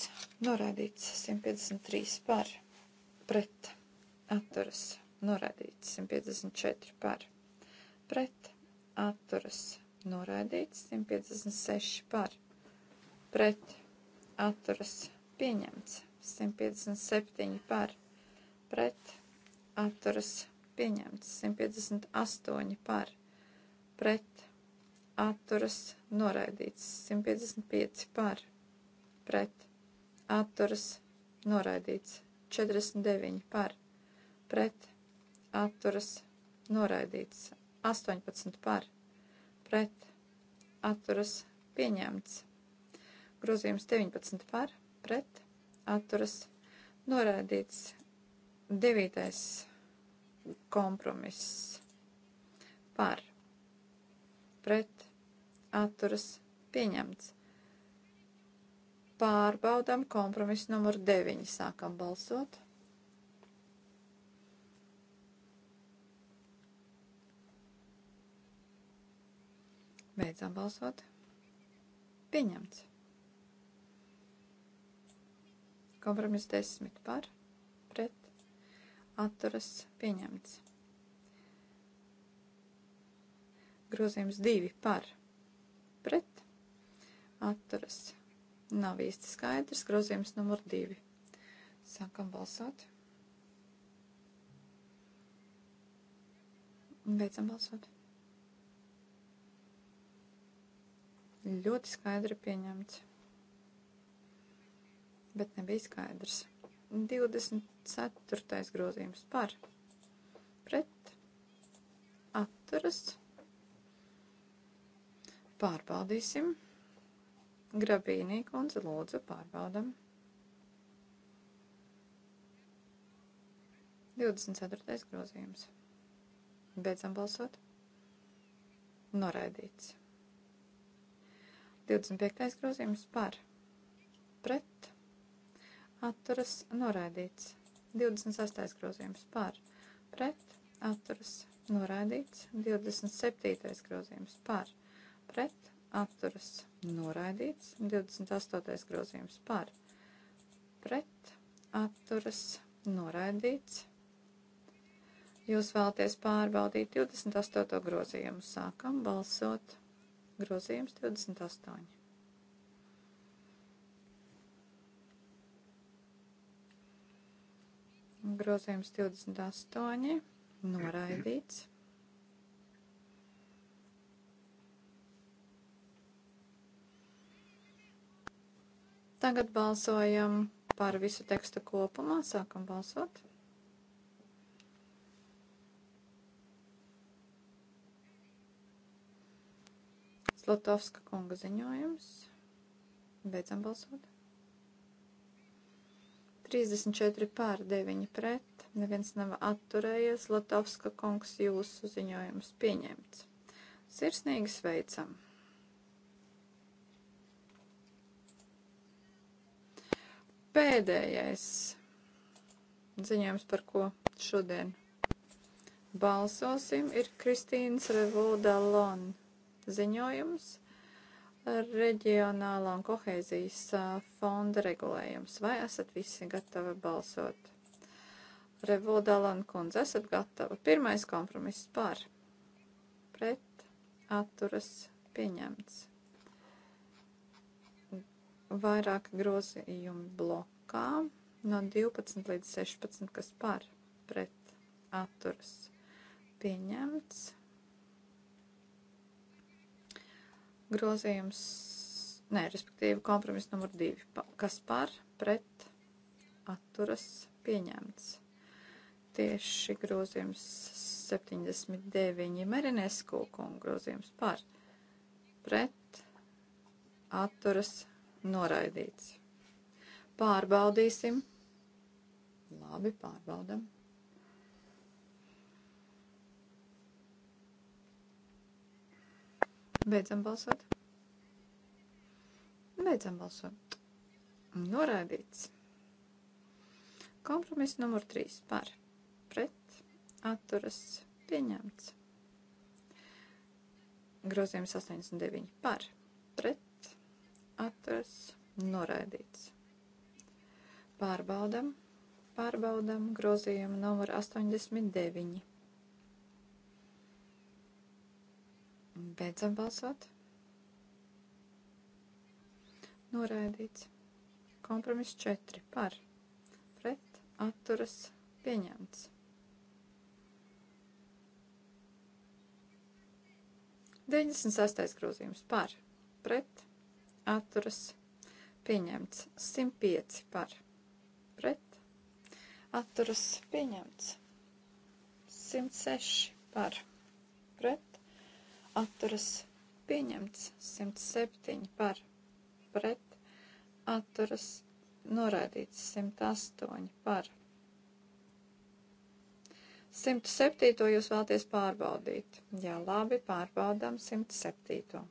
norādīts 153 par, pret atturas norādīts 154 par, pret atturas norādīts 156 par, pret atturas pieņemts 157 par, pret atturas pieņemts 158 par, pret atturas noraidīts 155 par pret, atturas, noraidīts. 49 par, pret, atturas, noraidīts. 18 par, pret, atturas, pieņemts. Grozījums 19 par, pret, atturas, noraidīts. 9. kompromiss par, pret, atturas, pieņemts. Pārbaudām kompromisu numur 9. Sākam balsot. Beidzam balsot. Pieņemts. Kompromis 10 par, pret, atturas pieņemts. Grozījums 2 par, pret, atturas pieņemts Nav īsti skaidrs. Grozījums numur divi. Sākam balsot. Beidzam balsot. Ļoti skaidri pieņemts. Bet nebija skaidrs. 24. grozījums par pret atturas. Pārbaudīsim. Grabīnī kundze, lūdzu, pārbaudam. 24. grozījums. Beidzam balsot. Noraidīts. 25. grozījums par. Pret. Atturas. Noraidīts. 26. grozījums par. Pret. Atturas. Noraidīts. 27. grozījums par. Pret atturas noraidīts. 28. grozījums par pret atturas noraidīts. Jūs vēlaties pārbaudīt 28. grozījumu. Sākam balsot. Grozījums 28. Grozījums 28. Noraidīts. Tagad balsojam par visu tekstu kopumā. Sākam balsot. Slotovska kunga ziņojums. Beidzam balsot. 34 pār 9 pret. Neviens nav atturējies. Latovska kungs jūsu ziņojums pieņemts. Sirsnīgi sveicam! pēdējais ziņojums, par ko šodien balsosim, ir Kristīnas Revoldalon ziņojums reģionālā un kohēzijas fonda regulējums. Vai esat visi gatavi balsot? Revoldalon kundze, esat gatava? Pirmais kompromiss par. Pret. Atturas. Pieņemts vairāki grozījumi blokā no 12 līdz 16, kas par pret atturas pieņemts. Grozījums, nē, respektīvi kompromis numur 2, kas par pret atturas pieņemts. Tieši grozījums 79 Merinesku un grozījums par pret atturas pieņemts Noraidīts. Pārbaudīsim. Labi, pārbaudam. Beidzam balsot. Beidzam balsot. Noraidīts. Kompromiss numur 3 par pret atturas pieņemts. Grozījums 89 par pret atturas noraidīts. Pārbaudam, pārbaudam grozījumu numuru 89. Beidzam balsot. Noraidīts. Kompromiss 4 par. Pret atturas pieņemts. Deviņdesmit sastais grozījums par. Pret atturas pieņemts. 105 par pret atturas pieņemts. 106 par pret atturas pieņemts. 107 par pret atturas noraidīts. 108 par 107. jūs vēlaties pārbaudīt. Jā, labi, pārbaudām 107.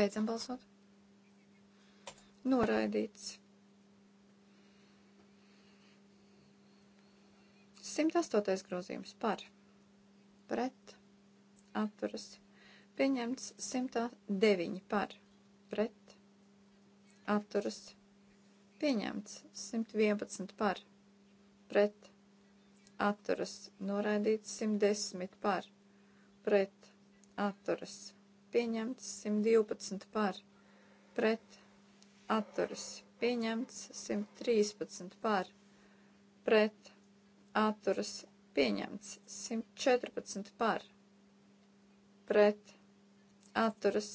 Beidzam balsot. Noraidīts. 108. grozījums par, pret, atturas. Pieņemts 109 par, pret, atturas. Pieņemts 111 par, pret, atturas. Noraidīts 110 par, pret, atturas pieņemts 112 par, pret atturas pieņemts 113 par, pret atturas pieņemts 114 par, pret atturas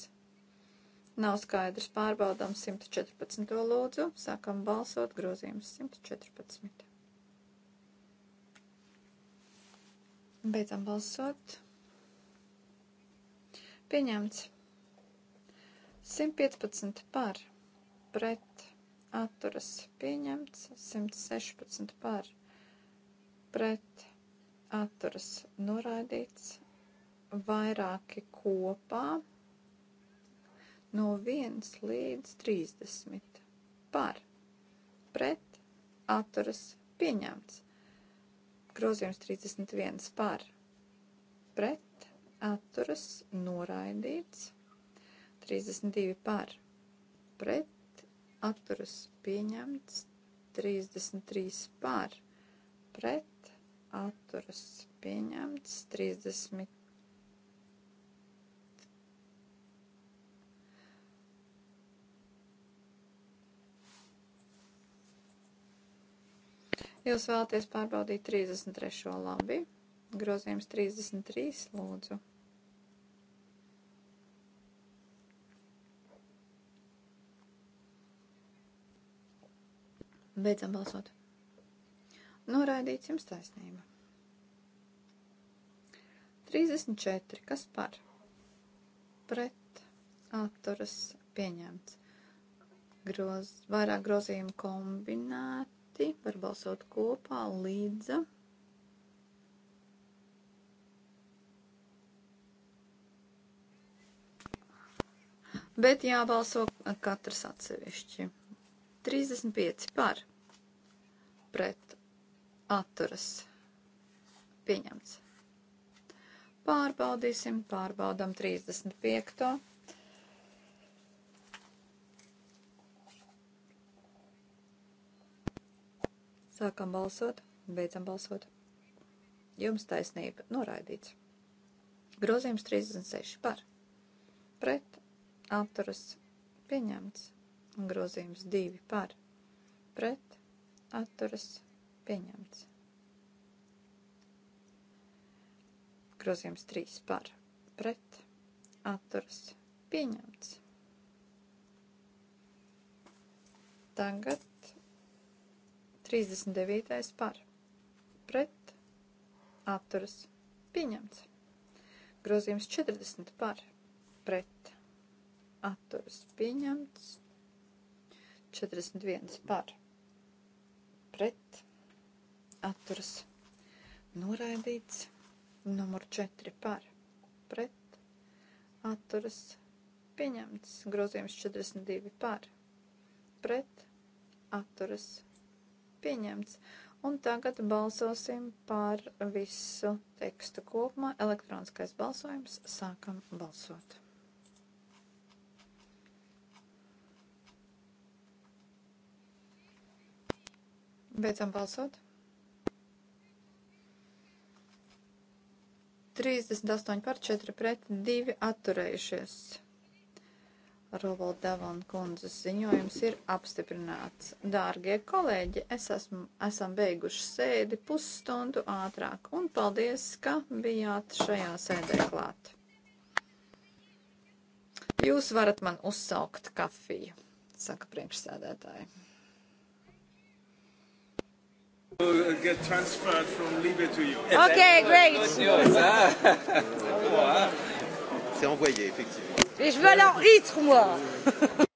nav skaidrs pārbaudām 114 lūdzu, sākam balsot grozījums 114. Beidzam balsot. Pieņemts. 115 par pret atturas pieņemts. 116 par pret atturas noraidīts. Vairāki kopā no 1 līdz 30 par pret atturas pieņemts. Grozījums 31 par pret atturas noraidīts, 32 par pret atturas pieņemts, 33 par pret atturas pieņemts, 30 Jūs vēlaties pārbaudīt 33. labi. Grozījums 33 lūdzu. Beidzam balsot. Noraidīts jums taisnība. 34. Kas par? Pret atturas pieņemts. Groz, vairāk grozījumu kombinēti. Var balsot kopā līdza. Bet jābalso katrs atsevišķi. 35 par pret atturas pieņemts. Pārbaudīsim, pārbaudam 35. Sākam balsot, beidzam balsot. Jums taisnība noraidīts. Grozījums 36 par pret atturas pieņemts. Grozījums 2 par pret atturas pieņemts. Grozījums 3 par pret atturas pieņemts. Tagad 39. par pret atturas pieņemts. Grozījums 40 par pret atturas pieņemts. 41 par pret atturas noraidīts. Numur 4 par pret atturas pieņemts. Grozījums 42 par pret atturas pieņemts. Un tagad balsosim par visu tekstu kopumā. Elektroniskais balsojums. Sākam balsot. Beidzam balsot. 38 par 4 pret 2 atturējušies. Rovalda Davana kundzes ziņojums ir apstiprināts. Dārgie kolēģi, es esmu, esam beiguši sēdi pusstundu ātrāk un paldies, ka bijāt šajā sēdē klāt. Jūs varat man uzsaukt kafiju, saka priekšsēdētāji get transferred from Libé to you. Ok, great. C'est envoyé, effectivement. Et je veux aller en litre, moi.